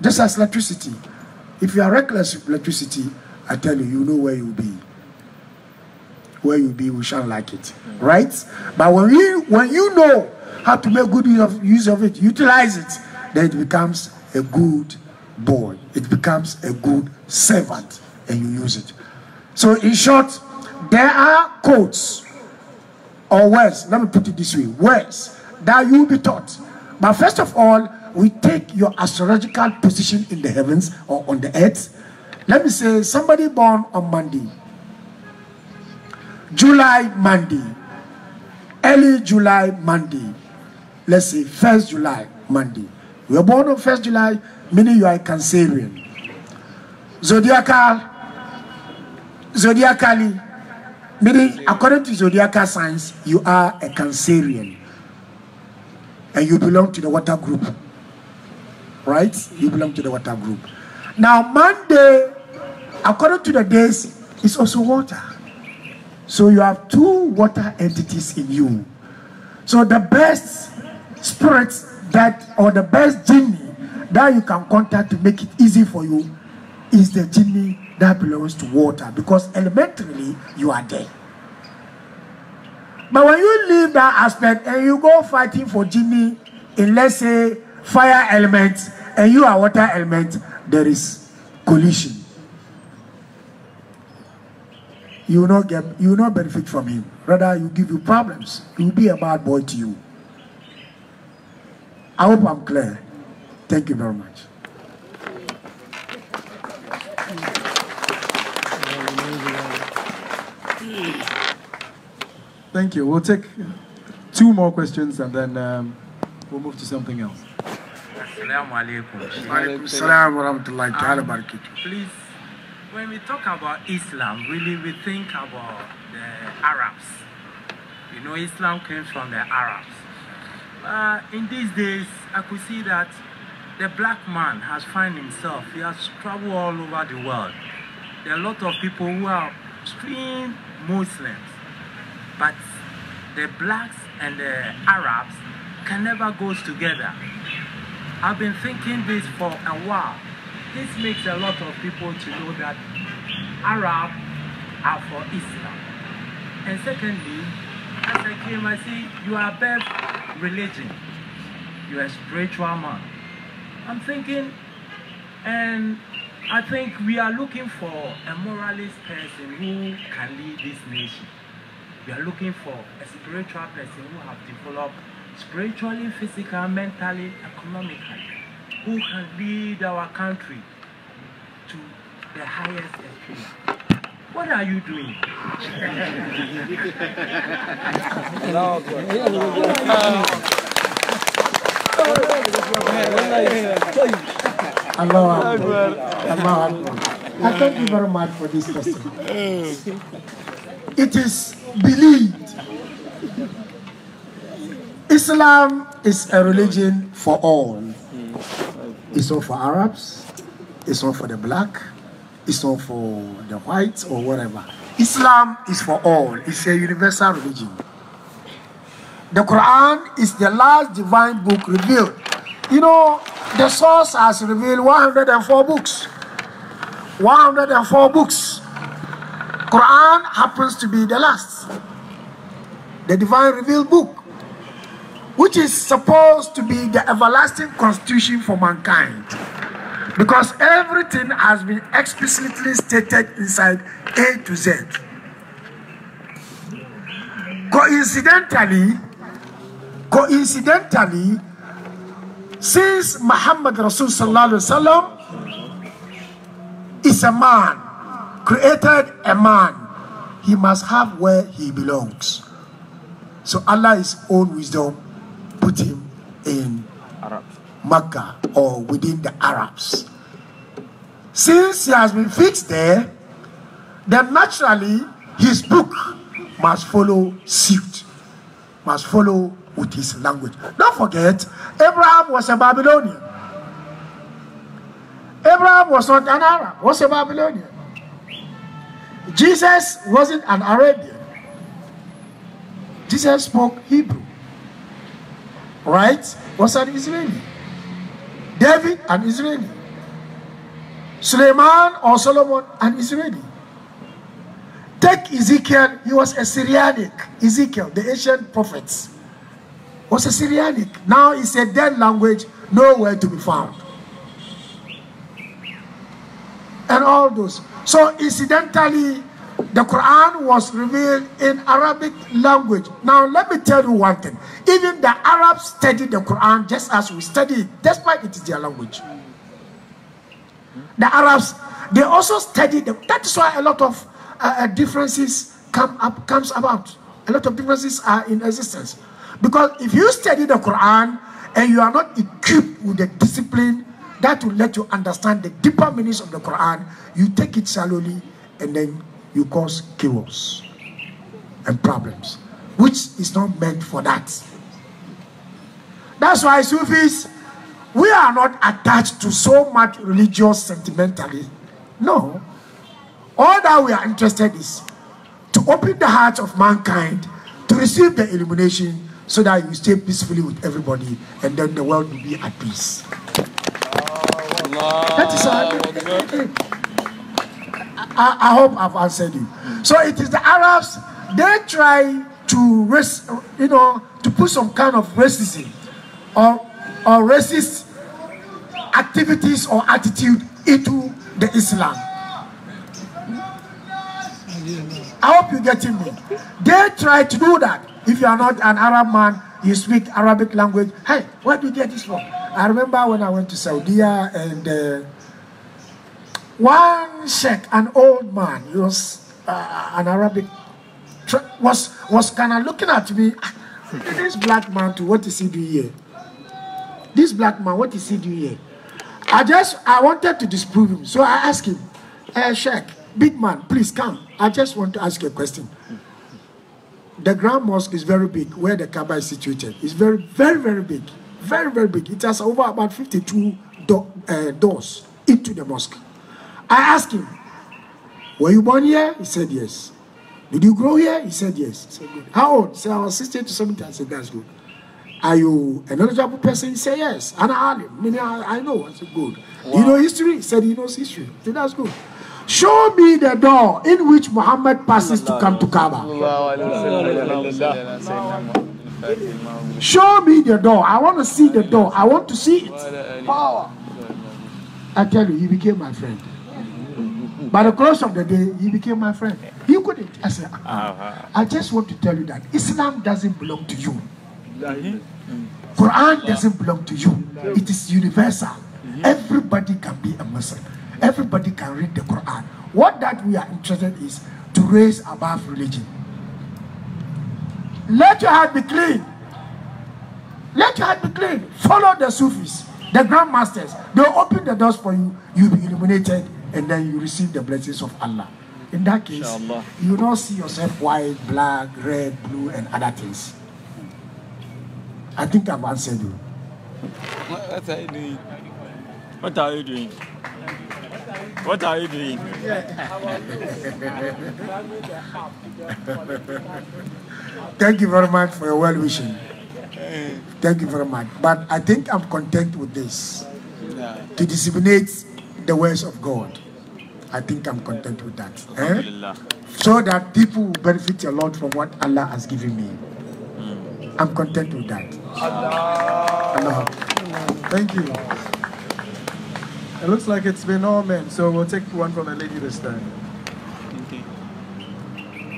Speaker 3: Just as electricity. If you are reckless with electricity, I tell you, you know where you'll be. Where you'll be, we shan't like it. Right? But when you when you know how to make good use of, it, utilize it, then it becomes a good boy. It becomes a good servant and you use it. So in short, there are codes or words, let me put it this way, words that you will be taught. But first of all, we take your astrological position in the heavens or on the earth. Let me say, somebody born on Monday, July Monday, early July Monday, let's say 1st July, Monday. You were born on 1st July, meaning you are a Cancerian. Zodiacal, zodiacally, meaning according to zodiacal signs, you are a Cancerian. And you belong to the water group. Right? You belong to the water group. Now, Monday, according to the days, is also water. So you have two water entities in you. So the best spirits that or the best genie that you can contact to make it easy for you is the genie that belongs to water because elementarily you are there. But when you leave that aspect and you go fighting for genie in let's say fire element and you are water element, there is collision. You will not get you will not benefit from him. Rather, you give you problems. He will be a bad boy to you. I hope I'm clear. Thank you very much.
Speaker 1: Thank you. We'll take two more questions and then um, we'll move to something else.
Speaker 2: Assalamu alaikum. Um, please, when we talk about Islam, really we think about the Arabs. You know, Islam came from the Arabs uh, in these days, I could see that the black man has found himself. He has traveled all over the world. There are a lot of people who are extreme Muslims, but the blacks and the Arabs can never go together. I've been thinking this for a while. This makes a lot of people to know that Arabs are for Islam. And secondly, As I came, I see you are above religion. You are a spiritual man. I'm thinking, and I think we are looking for a moralist person who can lead this nation. We are looking for a spiritual person who have developed spiritually, physically, mentally, economically, who can lead our country to the highest extreme. What are you doing? no,
Speaker 3: Allah Allah I thank you very much for this question. It is believed Islam is a religion for all. It's not for Arabs, it's not for the black, It's not for the whites or whatever. Islam is for all. It's a universal religion. The Quran is the last divine book revealed. You know, the source has revealed 104 books. 104 books. Quran happens to be the last. The divine revealed book which is supposed to be the everlasting constitution for mankind. Because everything has been explicitly stated inside A to Z. Coincidentally, coincidentally, since Muhammad Rasul Sallallahu is a man, created a man, he must have where he belongs. So Allah's own wisdom put him in Makkah or within the Arabs. Since he has been fixed there, then naturally his book must follow suit, must follow with his language. Don't forget, Abraham was a Babylonian. Abraham was not an Arab, was a Babylonian. Jesus wasn't an Arabian. Jesus spoke Hebrew. Right? Was an Israeli. David, an Israeli. Suleiman or Solomon, an Israeli. Take Ezekiel, he was a Syrianic. Ezekiel, the ancient prophets, was a Syrianic. Now it's a dead language, nowhere to be found. And all those. So incidentally, the Quran was revealed in Arabic language. Now, let me tell you one thing. Even the Arabs study the Quran just as we study it, despite it is their language. The Arabs, they also study them. That is why a lot of uh, uh, differences come up, comes about. A lot of differences are in existence. Because if you study the Quran and you are not equipped with the discipline that will let you understand the deeper meanings of the Quran, you take it shallowly, and then you cause chaos and problems, which is not meant for that. That's why Sufis, we are not attached to so much religious sentimentally. No. All that we are interested is to open the hearts of mankind to receive the illumination so that you stay peacefully with everybody and then the world will be at peace. Oh,
Speaker 2: that all.
Speaker 3: I, I hope I've answered you. So it is the Arabs, they try to race, you know, to put some kind of racism or, or racist activities or attitude into the Islam. I hope you're getting me. They try to do that. If you are not an Arab man, you speak Arabic language. Hey, where do you get this from? I remember when I went to Saudi and uh, One sheikh, an old man, he was uh, an Arabic, was, was kind of looking at me. Ah, this black man, too, what is he doing here? This black man, what is he doing here? I just, I wanted to disprove him. So I asked him, hey, eh, sheikh, big man, please come. I just want to ask you a question. The Grand Mosque is very big, where the Kaaba is situated. It's very, very, very big. Very, very big. It has over about 52 do uh, doors into the mosque. I asked him, Were you born here? He said, Yes. Did you grow here? He said, Yes. He said, good. How old? He said, I was 16 to 17. I said, That's good. Are you a knowledgeable person? He said, Yes. And I asked him, Meaning, I, I know. I said, Good. Wow. you know history? He said, He knows history. I said, That's good. Show me the door in which Muhammad passes to come to Kaaba. Show me the door. I want to see the door. I want to see
Speaker 1: it. Power.
Speaker 3: I tell you, he became my friend. By the close of the day, he became my friend. He couldn't. I said,
Speaker 5: ah, uh-huh.
Speaker 3: I just want to tell you that Islam doesn't belong to you. Quran doesn't belong to you. It is universal. Mm-hmm. Everybody can be a Muslim. Everybody can read the Quran. What that we are interested is to raise above religion. Let your heart be clean. Let your heart be clean. Follow the Sufis, the grandmasters. They'll open the doors for you. You'll be illuminated. and then you receive the blessings of Allah. In that case, Inshallah. you don't see yourself white, black, red, blue, and other things. I think I've answered you.
Speaker 4: What are you doing?
Speaker 3: What
Speaker 5: are you doing? What are you doing?
Speaker 3: Thank you very much for your well wishing. Eh. Thank you very much. But I think I'm content with this to disseminate the words of God. I think I'm content with that. Eh? So that people will benefit a lot from what Allah has given me. Hmm. I'm content with that. Allah. Thank you.
Speaker 1: It looks like it's been all men, so we'll take one from a lady this time. Okay.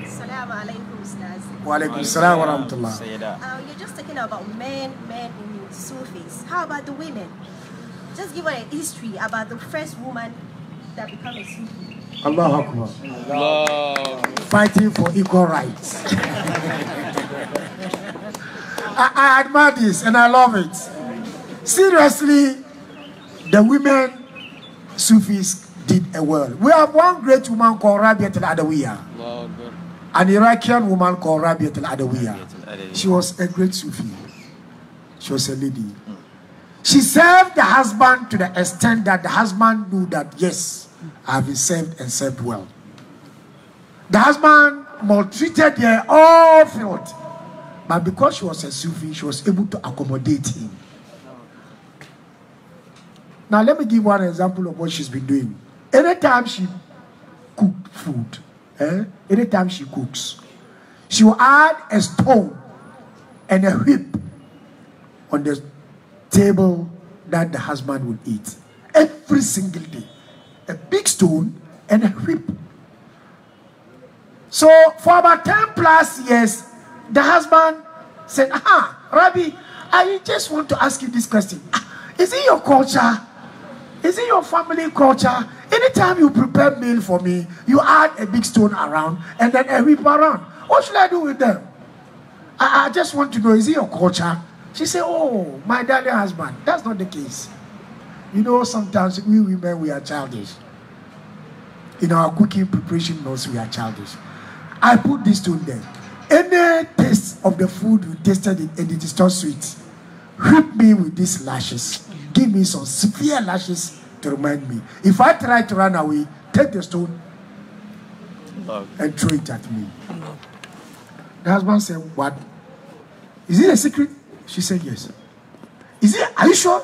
Speaker 5: Assalamu alaikum, Ustaz. Wa alaikum assalam wa rahmatullah. Uh, you're just talking about men, men in Sufis. How about the women? Just give us a history about the first woman that become a Sufi.
Speaker 3: Allah Akbar. Fighting for equal rights. I, I admire this and I love it. Seriously, the women Sufis did a world. We have one great woman called Rabiat al Adawiya, an Iraqian woman called Rabiat al Adawiya. She was a great Sufi. She was a lady. She served the husband to the extent that the husband knew that, yes, have been served and served well. The husband maltreated the all field. But because she was a Sufi, she was able to accommodate him. Now, let me give one example of what she's been doing. Anytime she cooked food, eh? anytime she cooks, she will add a stone and a whip on the table that the husband will eat every single day a big stone, and a whip. So for about 10 plus years, the husband said, Aha, Rabbi, I just want to ask you this question. Ah, is it your culture? Is it your family culture? Anytime you prepare meal for me, you add a big stone around and then a whip around. What should I do with them? I, I just want to know, is it your culture? She said, Oh, my darling husband, that's not the case. You know, sometimes we women, we are childish. In our cooking preparation notes, we are childish. I put this to them. Any taste of the food, we tasted it and it is not sweet. Whip me with these lashes. Give me some severe lashes to remind me. If I try to run away, take the stone and throw it at me. The husband said, What? Is it a secret? She said, Yes. Is it? Are you sure?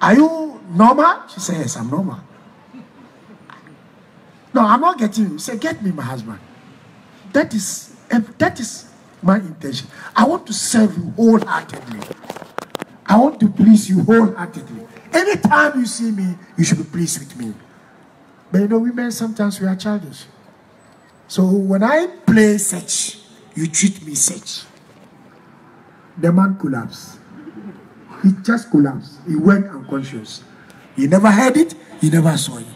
Speaker 3: Are you normal? She said, Yes, I'm normal. No, I'm not getting you. Say, get me my husband. That is eh, that is my intention. I want to serve you wholeheartedly. I want to please you wholeheartedly. Anytime you see me, you should be pleased with me. But you know, women sometimes we are childish. So when I play such, you treat me such. The man collapsed. He just collapsed. He went unconscious. He never heard it. He never saw it.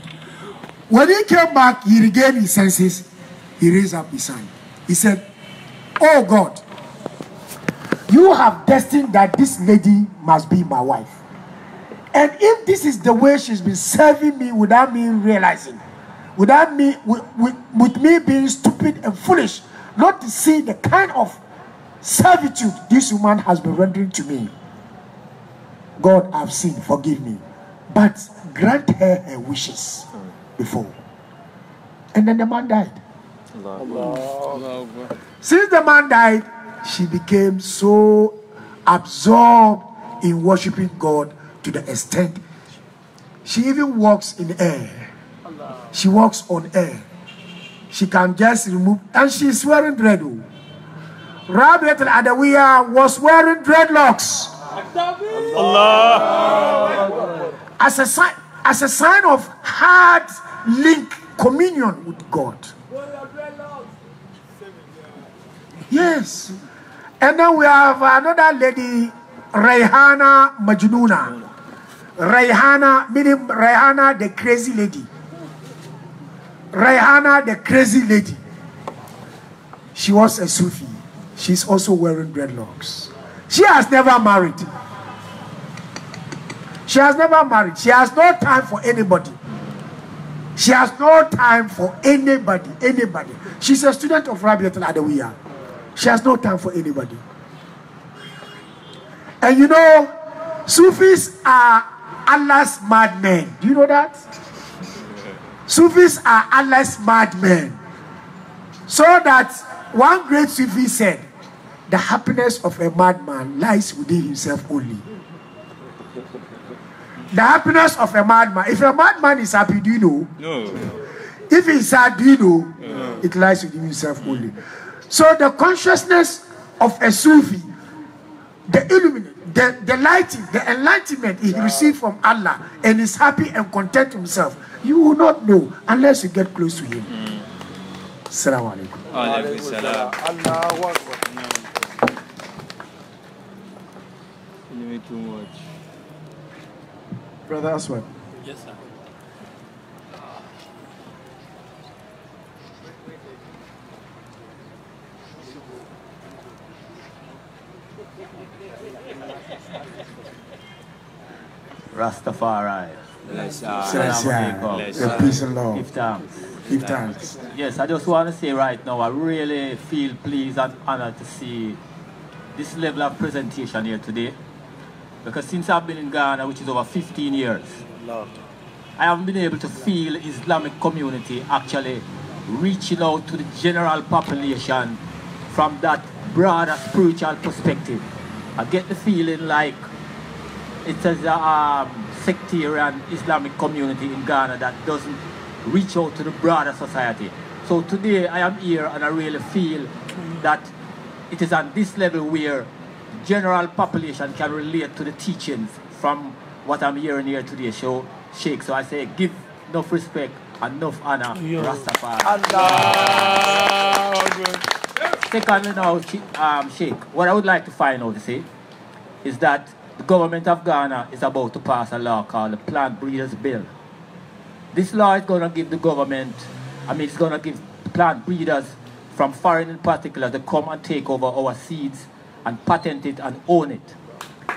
Speaker 3: When he came back, he regained his senses. He raised up his hand. He said, Oh God, you have destined that this lady must be my wife. And if this is the way she's been serving me without me realizing, without me, with, with, with me being stupid and foolish, not to see the kind of servitude this woman has been rendering to me, God, I've sinned, forgive me. But grant her her wishes before. And then the man died. Since the man died, she became so absorbed in worshiping God to the extent she even walks in air. She walks on air. She can just remove, and she's wearing dreadlocks. Rabiat adawiyah was wearing dreadlocks.
Speaker 2: Allah.
Speaker 3: As a sign, as a sign of hard link communion with God. Yes. And then we have another lady, Rayhana Majnuna. Rayhana, meaning Rayhana the crazy lady. Rayhana the crazy lady. She was a Sufi. She's also wearing dreadlocks. She has never married. She has never married. She has no time for anybody. She has no time for anybody. Anybody. She's a student of Rabbi Yotel Adewiya. She has no time for anybody. And you know, Sufis are Allah's madmen. Do you know that? Sufis are Allah's madmen. So that one great Sufi said, the happiness of a madman lies within himself only. The happiness of a madman. If a madman is happy, do you know? No. If he's sad, do you know? No. It lies within himself only. So the consciousness of a Sufi, the illuminate, the, the lighting, the enlightenment he received from Allah and is happy and content himself, you will not know unless you get close to him. Mm.
Speaker 1: alaikum. You need too much. Brother Aswad.
Speaker 5: Yes, sir. Rastafari. Bless Bless peace and love. Give thanks. Give thanks. Yes, I just want to say right now, I really feel pleased and honored to see this level of presentation here today. Because since I've been in Ghana, which is over 15 years, Lord. I haven't been able to feel Islamic community actually reaching out to the general population from that broader spiritual perspective. I get the feeling like it's a um, sectarian Islamic community in Ghana that doesn't reach out to the broader society. So today I am here and I really feel that it is on this level where general population can relate to the teachings from what I'm hearing here today, show Sheikh. So I say, give enough respect, enough honor, to Rastafari. Allah. Wow. Secondly, now, um, Sheikh, what I would like to find out, see, is that the government of Ghana is about to pass a law called the Plant Breeders Bill. This law is going to give the government, I mean, it's going to give plant breeders from foreign in particular to come and take over our seeds and patent it and own it.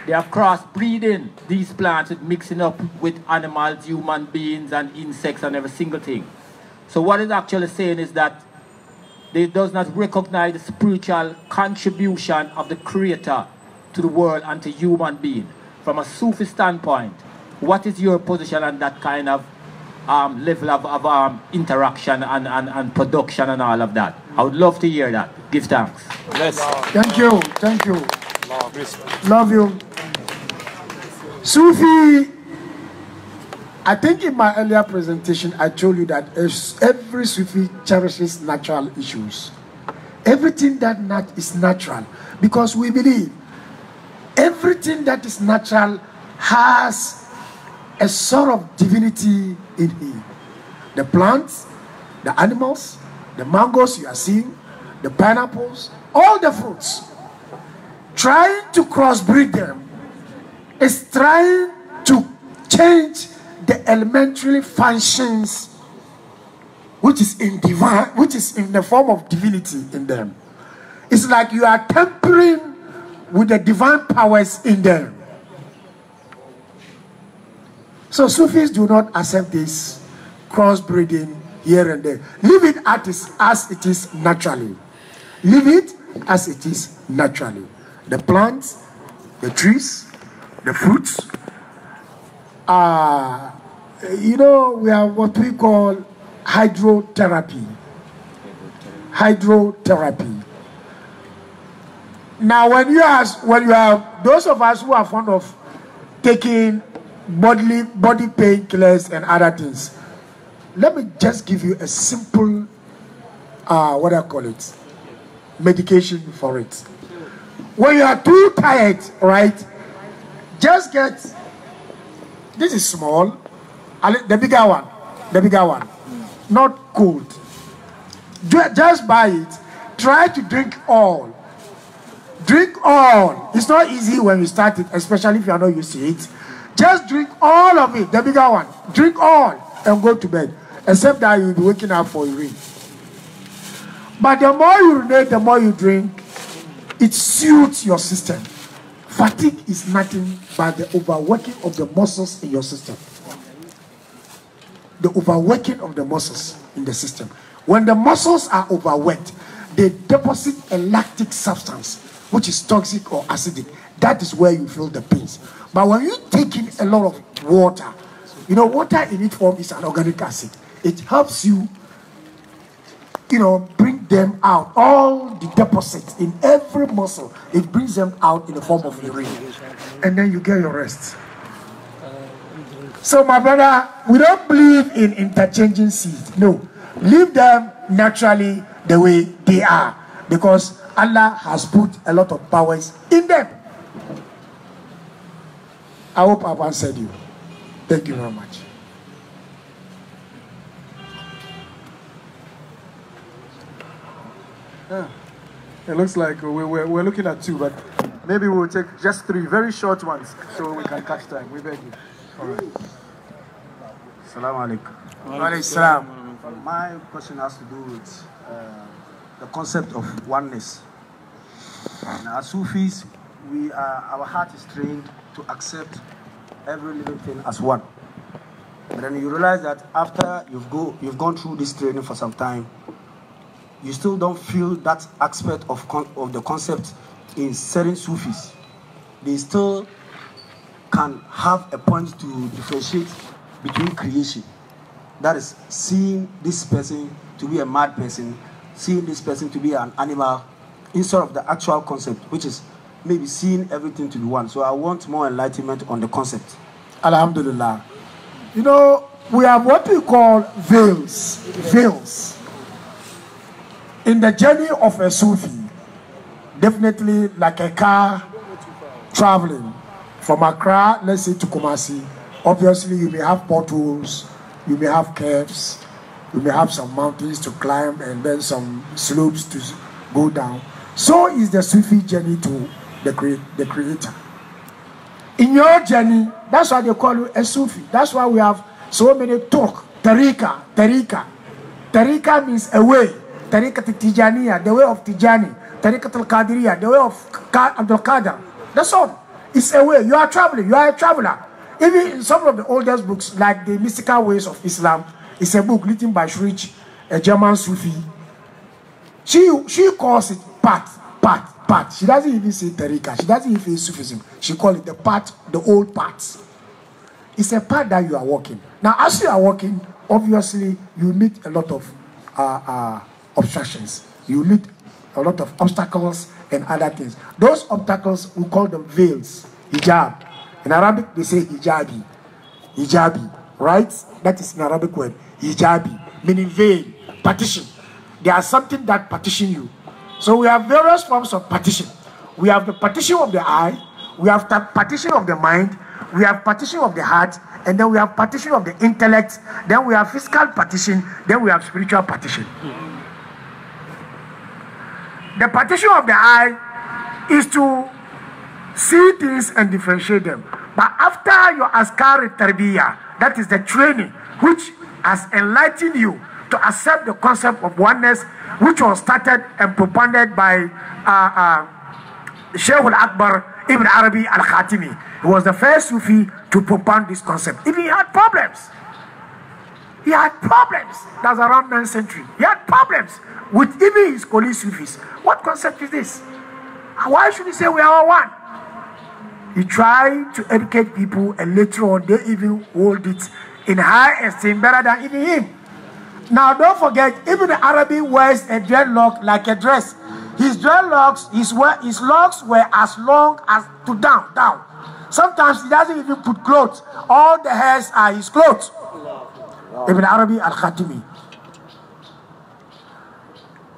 Speaker 5: They are crossbreeding these plants with mixing up with animals, human beings, and insects and every single thing. So what it's actually saying is that it does not recognize the spiritual contribution of the Creator to the world and to human being. From a Sufi standpoint, what is your position on that kind of um, level of, of um, interaction and, and, and production and all of that. I would love to hear that. Give thanks. Yes. Thank you.
Speaker 3: Thank you. Love you. Sufi, I think in my earlier presentation, I told you that every Sufi cherishes natural issues. Everything that nat is natural, because we believe everything that is natural has a sort of divinity in Him. The plants, the animals, the mangoes you are seeing, the pineapples, all the fruits. Trying to crossbreed them is trying to change the elementary functions which is in divine, which is in the form of divinity in them. It's like you are tampering with the divine powers in them. So Sufis do not accept this crossbreeding here and there. Leave it as, as it is naturally. Leave it as it is naturally. The plants, the trees, the fruits are, uh, you know, we have what we call hydrotherapy. Hydrotherapy. Now, when you ask, when you have those of us who are fond of taking bodily, body painkillers, and other things. Let me just give you a simple, uh, what I call it, medication for it. When you are too tired, right, just get, this is small, the bigger one, the bigger one, not cold. Just buy it. Try to drink all. Drink all. It's not easy when you start it, especially if you are not used to it. Just drink all of it, the bigger one. Drink all and go to bed. Except that you'll be waking up for urine. But the more you urinate, the more you drink, it suits your system. Fatigue is nothing but the overworking of the muscles in your system. The overworking of the muscles in the system. When the muscles are overworked, they deposit a lactic substance, which is toxic or acidic. That is where you feel the pains. But when you take in a lot of water, you know, water in its form is an organic acid. It helps you, you know, bring them out. All the deposits in every muscle, it brings them out in the form of urine. And then you get your rest. So, my brother, we don't believe in interchanging seeds. No. Leave them naturally the way they are. Because Allah has put a lot of powers in them. I hope I've answered you. Thank you very much.
Speaker 1: Yeah. It looks like we, we're, we're looking at two, but maybe we'll take just three very short ones so we can catch time. We beg you. All right.
Speaker 3: Assalamu alaikum.
Speaker 1: My question has to do with uh,
Speaker 3: the concept of oneness. And as Sufis, we are, our heart is trained to accept every living thing as one. But then you realize that after you've, go, you've gone through this training for some time, you still don't feel that aspect of, of the concept in certain Sufis. They still can have a point to differentiate between creation. That is, seeing this person to be a mad person, seeing this person to be an animal, instead of the actual concept, which is maybe seeing everything to be one. So I want more enlightenment on the concept. Alhamdulillah. You know, we have what we call veils. Veils. In the journey of a Sufi, definitely like a car traveling from Accra, let's say to Kumasi, obviously you may have potholes, you may have caves, you may have some mountains to climb and then some slopes to go down. So is the Sufi journey to the, cre the creator. In your journey, that's why they call you a Sufi. That's why we have so many talk. Tariqa, Tariqa. Tariqa means a way. Tariqa Tijaniya, the way of Tijani. Tariqa al the way of Abdul Qadir. That's all. It's a way. You are traveling. You are a traveler. Even in some of the oldest books, like the Mystical Ways of Islam, it's a book written by Shrich, a German Sufi. She, she calls it path, path. She doesn't even say Tariqa. She doesn't even say Sufism. She calls it the path, the old path. It's a path that you are walking. Now, as you are walking, obviously, you meet a lot of uh, uh, obstructions. You meet a lot of obstacles and other things. Those obstacles, we call them veils, hijab. In Arabic, they say hijabi. Hijabi, right? That is an Arabic word. Hijabi, meaning veil, partition. There are something that partition you. So we have various forms of partition. We have the partition of the eye, we have the partition of the mind, we have partition of the heart, and then we have partition of the intellect, then we have physical partition, then we have spiritual partition. The partition of the eye is to see things and differentiate them. But after your askari tarbiyah, that is the training which has enlightened you to accept the concept of oneness, which was started and propounded by uh, uh, Sheikh Al Akbar Ibn Arabi Al Khatimi. He was the first Sufi to propound this concept. If he had problems. He had problems. That's around 9th century. He had problems with even his colleague Sufis. What concept is this? Why should he say we are all one? He tried to educate people, and later on, they even hold it in high esteem better than even him. Now, don't forget, even the Arabi wears a dreadlock like a dress. His dreadlocks, his, his locks were as long as to down, down. Sometimes he doesn't even put clothes. All the hairs are his clothes. Ibn Arabi al-Khatimi.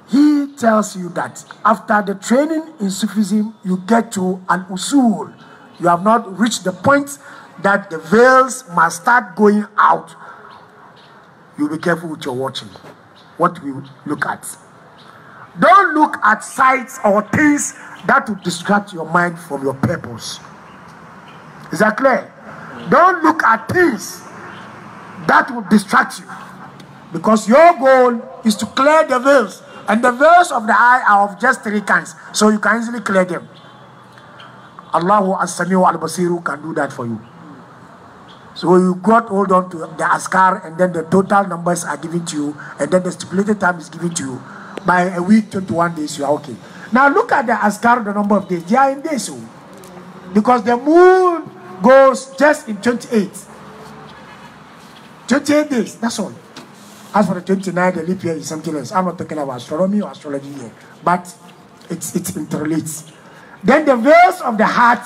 Speaker 3: He tells you that after the training in Sufism, you get to an usul. You have not reached the point that the veils must start going out you be careful with your watching, what you look at. Don't look at sights or things that will distract your mind from your purpose. Is that clear? Don't look at things that will distract you. Because your goal is to clear the veils. And the veils of the eye are of just three kinds. So you can easily clear them. Allahu As-Sami'u Al-Basiru can do that for you. So you got hold on to the ASCAR and then the total numbers are given to you and then the stipulated time is given to you. By a week, 21 days, you are okay. Now look at the ASCAR, the number of days. They are in days. Oh. Because the moon goes just in 28. 28 days, that's all. As for the 29, the leap year is something else. I'm not talking about astronomy or astrology here, but it's, it's interrelates. Then the veils of the heart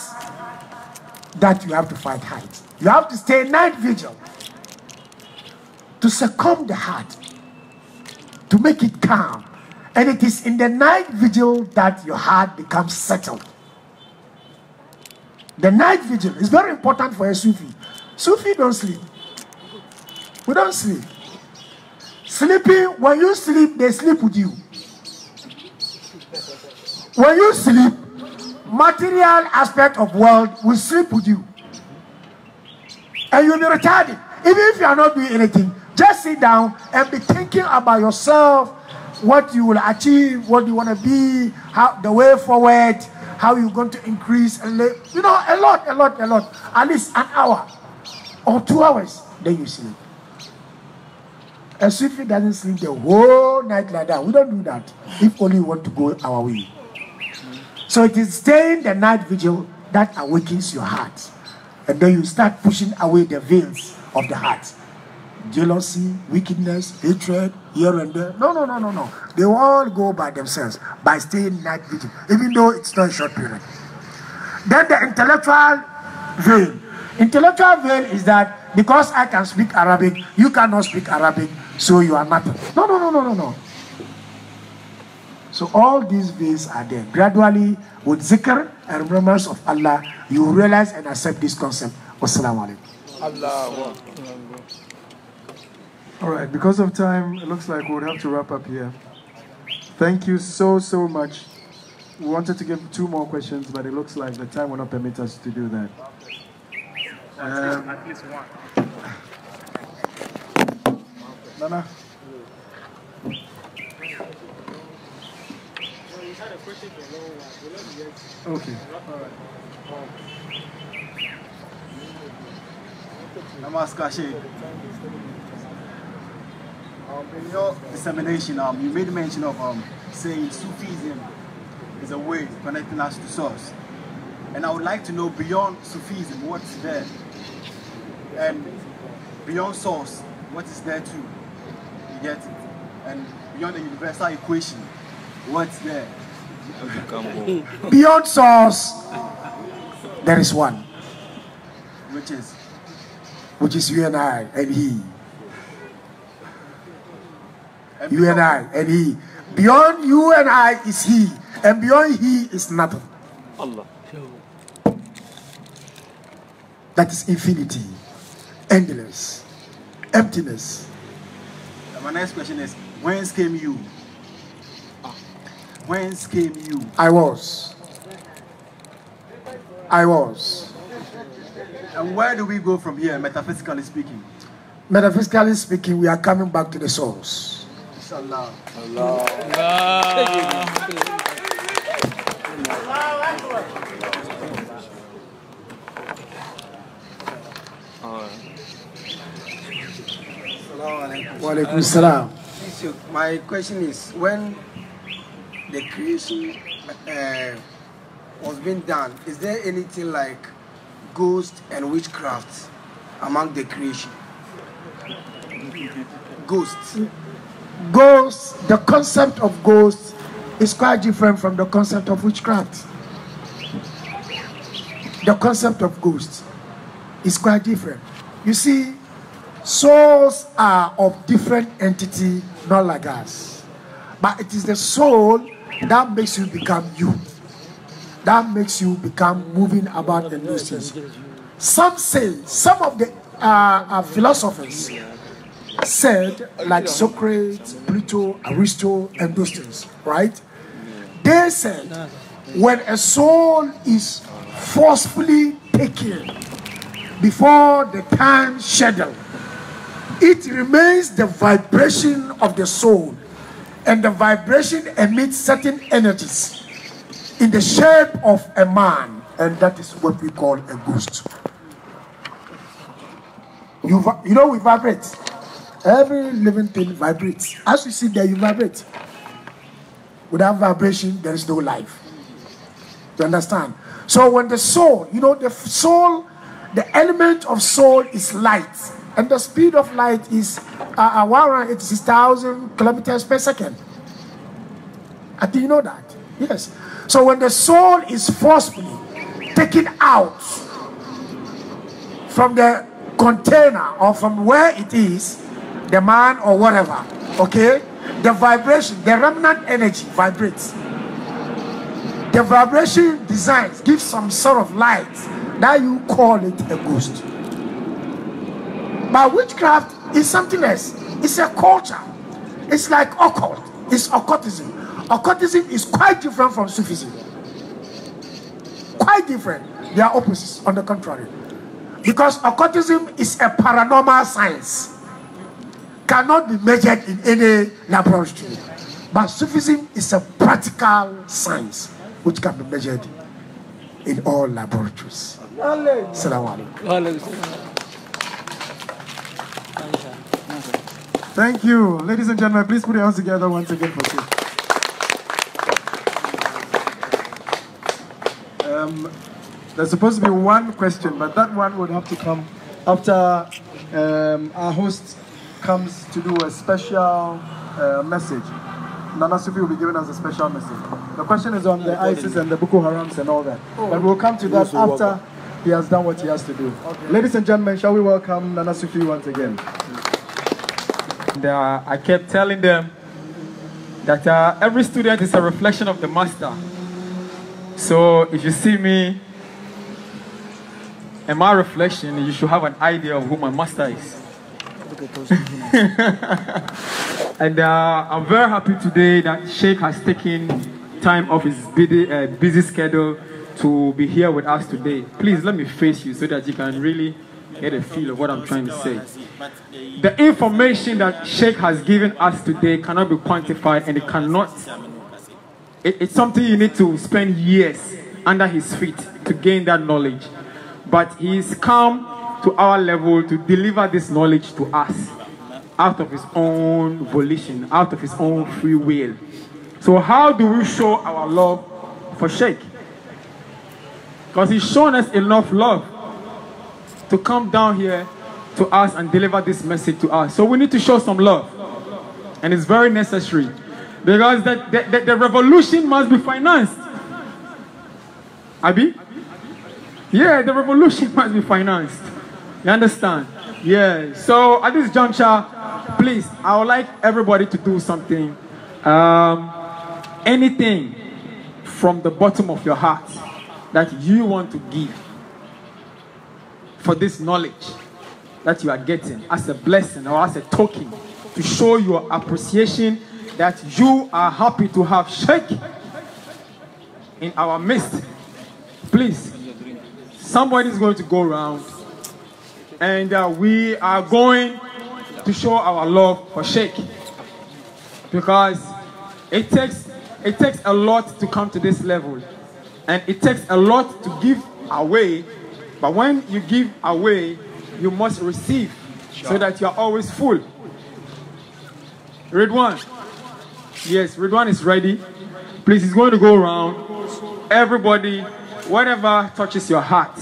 Speaker 3: that you have to fight height. You have to stay night vigil to succumb the heart, to make it calm. And it is in the night vigil that your heart becomes settled. The night vigil is very important for a Sufi. Sufi don't sleep. We don't sleep. Sleeping, when you sleep, they sleep with you. When you sleep, material aspect of world will sleep with you and you'll be retarded. Even if you are not doing anything, just sit down and be thinking about yourself, what you will achieve, what you want to be, how the way forward, how you're going to increase, and you know, a lot, a lot, a lot. At least an hour or two hours, then you sleep. A Sufi doesn't sleep the whole night like that. We don't do that if only you want to go our way. So it is staying the night vigil that awakens your heart. And then you start pushing away the veils of the heart. Jealousy, wickedness, hatred, here and there. No, no, no, no, no. They all go by themselves by staying night vigil, even though it's not a short period. Then the intellectual veil. Intellectual veil is that because I can speak Arabic, you cannot speak Arabic, so you are nothing. No, no, no, no, no, no. So all these things are there. Gradually, with zikr and remembrance of Allah, you realize and accept this concept. Wassalamu alaikum.
Speaker 1: All right, because of time, it looks like we'll have to wrap up here. Thank you so, so much. We wanted to give two more questions, but it looks like the time will not permit us to do that.
Speaker 5: Um, At least one. Nana?
Speaker 1: had a question for a long while. Okay. All right. Um, Namaskar, Sheikh. Um, in your dissemination, um, you made mention of um, saying Sufism is a way connecting us to source. And I would like to know beyond Sufism, what's there? And beyond source, what is there too? You get it? And beyond the universal equation, what's there?
Speaker 3: Beyond source, there is one. Which is? Which is you and I and he. you and I and he. Beyond you and I is he. And beyond he is nothing. Allah. That is infinity, endless, emptiness.
Speaker 1: My next question is,
Speaker 3: whence came you? Whence came you? I was. I was. And where do we go from here, metaphysically speaking? Metaphysically speaking, we are coming back to the source.
Speaker 1: Allah. Allah. My question is when
Speaker 3: the creation uh, was being done, is there anything like ghosts and witchcraft among the creation? Ghosts. Ghosts, the concept of ghosts is quite different from the concept of witchcraft. The concept of ghosts is quite different. You see, souls are of different entity, not like us. But it is the soul that makes you become you. That makes you become moving about the things. Some say, some of the uh, uh, philosophers said, like Socrates, Plato, Aristotle, and those things, right? They said, when a soul is forcefully taken before the time schedule, it remains the vibration of the soul and the vibration emits certain energies in the shape of a man, and that is what we call a ghost. You, you know, we vibrate. Every living thing vibrates. As you see there, you vibrate. Without vibration, there is no life. You understand? So when the soul, you know, the soul, the element of soul is light. And the speed of light is uh, uh 186,000 kilometers per second. I uh, think you know that. Yes. So when the soul is forcefully taken out from the container or from where it is, the man or whatever, okay, the vibration, the remnant energy vibrates. The vibration designs, gives some sort of light. Now you call it a ghost. But witchcraft is something else. It's a culture. It's like occult. It's occultism. Occultism is quite different from Sufism. Quite different. They are opposites, on the contrary. Because occultism is a paranormal science. Cannot be measured in any laboratory. But Sufism is a practical science which can be measured in all laboratories.
Speaker 2: Salaam alaikum.
Speaker 1: Thank you. Ladies and gentlemen, please put your hands together once again for Steve. Um, there's supposed to be one question, but that one would have to come after um, our host comes to do a special uh, message. Nana Sufi will be giving us a special message. The question is on the ISIS and the Boko Harams and all that. Oh, but we'll come to that after he has done what he has to do. Ladies and gentlemen, shall we welcome Nana Sufi once again?
Speaker 4: And, uh, I kept telling them that uh, every student is a reflection of the master. So if you see me and my reflection, you should have an idea of who my master is. and uh, I'm very happy today that Sheikh has taken time off his busy, uh, busy schedule to be here with us today. Please let me face you so that you can really get a feel of what I'm trying to say. The information that Sheikh has given us today cannot be quantified and it cannot. It, it's something you need to spend years under his feet to gain that knowledge. But he come to our level to deliver this knowledge to us out of his own volition, out of his own free will. So, how do we show our love for Sheikh? Because he's shown us enough love to come down here to us and deliver this message to us. So we need to show some love. And it's very necessary. Because the, the, the, the revolution must be financed. Abi? Yeah, the revolution must be financed. You understand? Yeah. So at this juncture, please, I would like everybody to do something. Um, anything from the bottom of your heart that you want to give for this knowledge that you are getting as a blessing or as a token to show your appreciation that you are happy to have Sheikh in our midst. Please, somebody is going to go around and uh, we are going to show our love for Sheikh because it takes, it takes a lot to come to this level and it takes a lot to give away but when you give away, you must receive so that you are always full. Read one. Yes, read one is ready. Please, he's going to go around. Everybody, whatever touches your heart,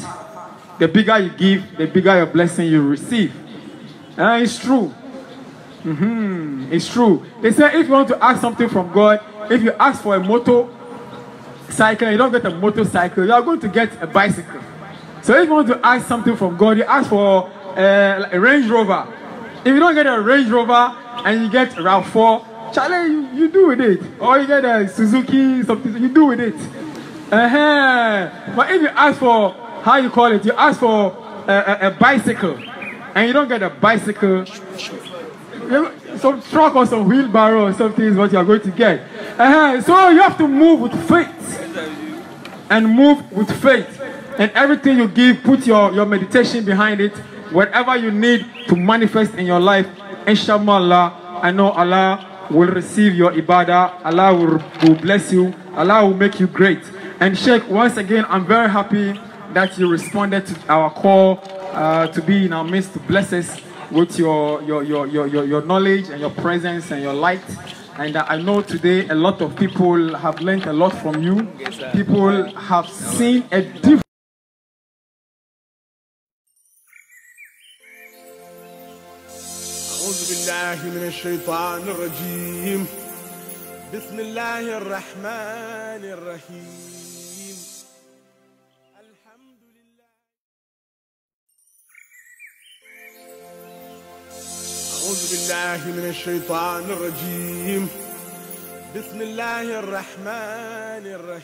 Speaker 4: the bigger you give, the bigger your blessing you receive. And eh, it's true. Mm -hmm. It's true. They say if you want to ask something from God, if you ask for a motorcycle and you don't get a motorcycle, you are going to get a bicycle. So if you want to ask something from God, you ask for uh, a Range Rover. If you don't get a Range Rover and you get RAV4, Charlie, you, you do with it. Or you get a Suzuki, something, you do with it. Uh-huh. But if you ask for, how you call it, you ask for a, a, a bicycle and you don't get a bicycle, some truck or some wheelbarrow or something is what you are going to get. Uh-huh. So you have to move with faith and move with faith. And everything you give, put your, your meditation behind it. Whatever you need to manifest in your life, inshallah, I know Allah will receive your ibadah. Allah will, will bless you. Allah will make you great. And Sheikh, once again, I'm very happy that you responded to our call uh, to be in our midst to bless us with your, your, your, your, your knowledge and your presence and your light. And I know today a lot of people
Speaker 3: have learned a lot from you. People have seen a difference. بالله من الشيطان الرجيم بسم الله
Speaker 1: الرحمن الرحيم
Speaker 3: أعوذ بالله من الشيطان الرجيم بسم الله
Speaker 5: الرحمن الرحيم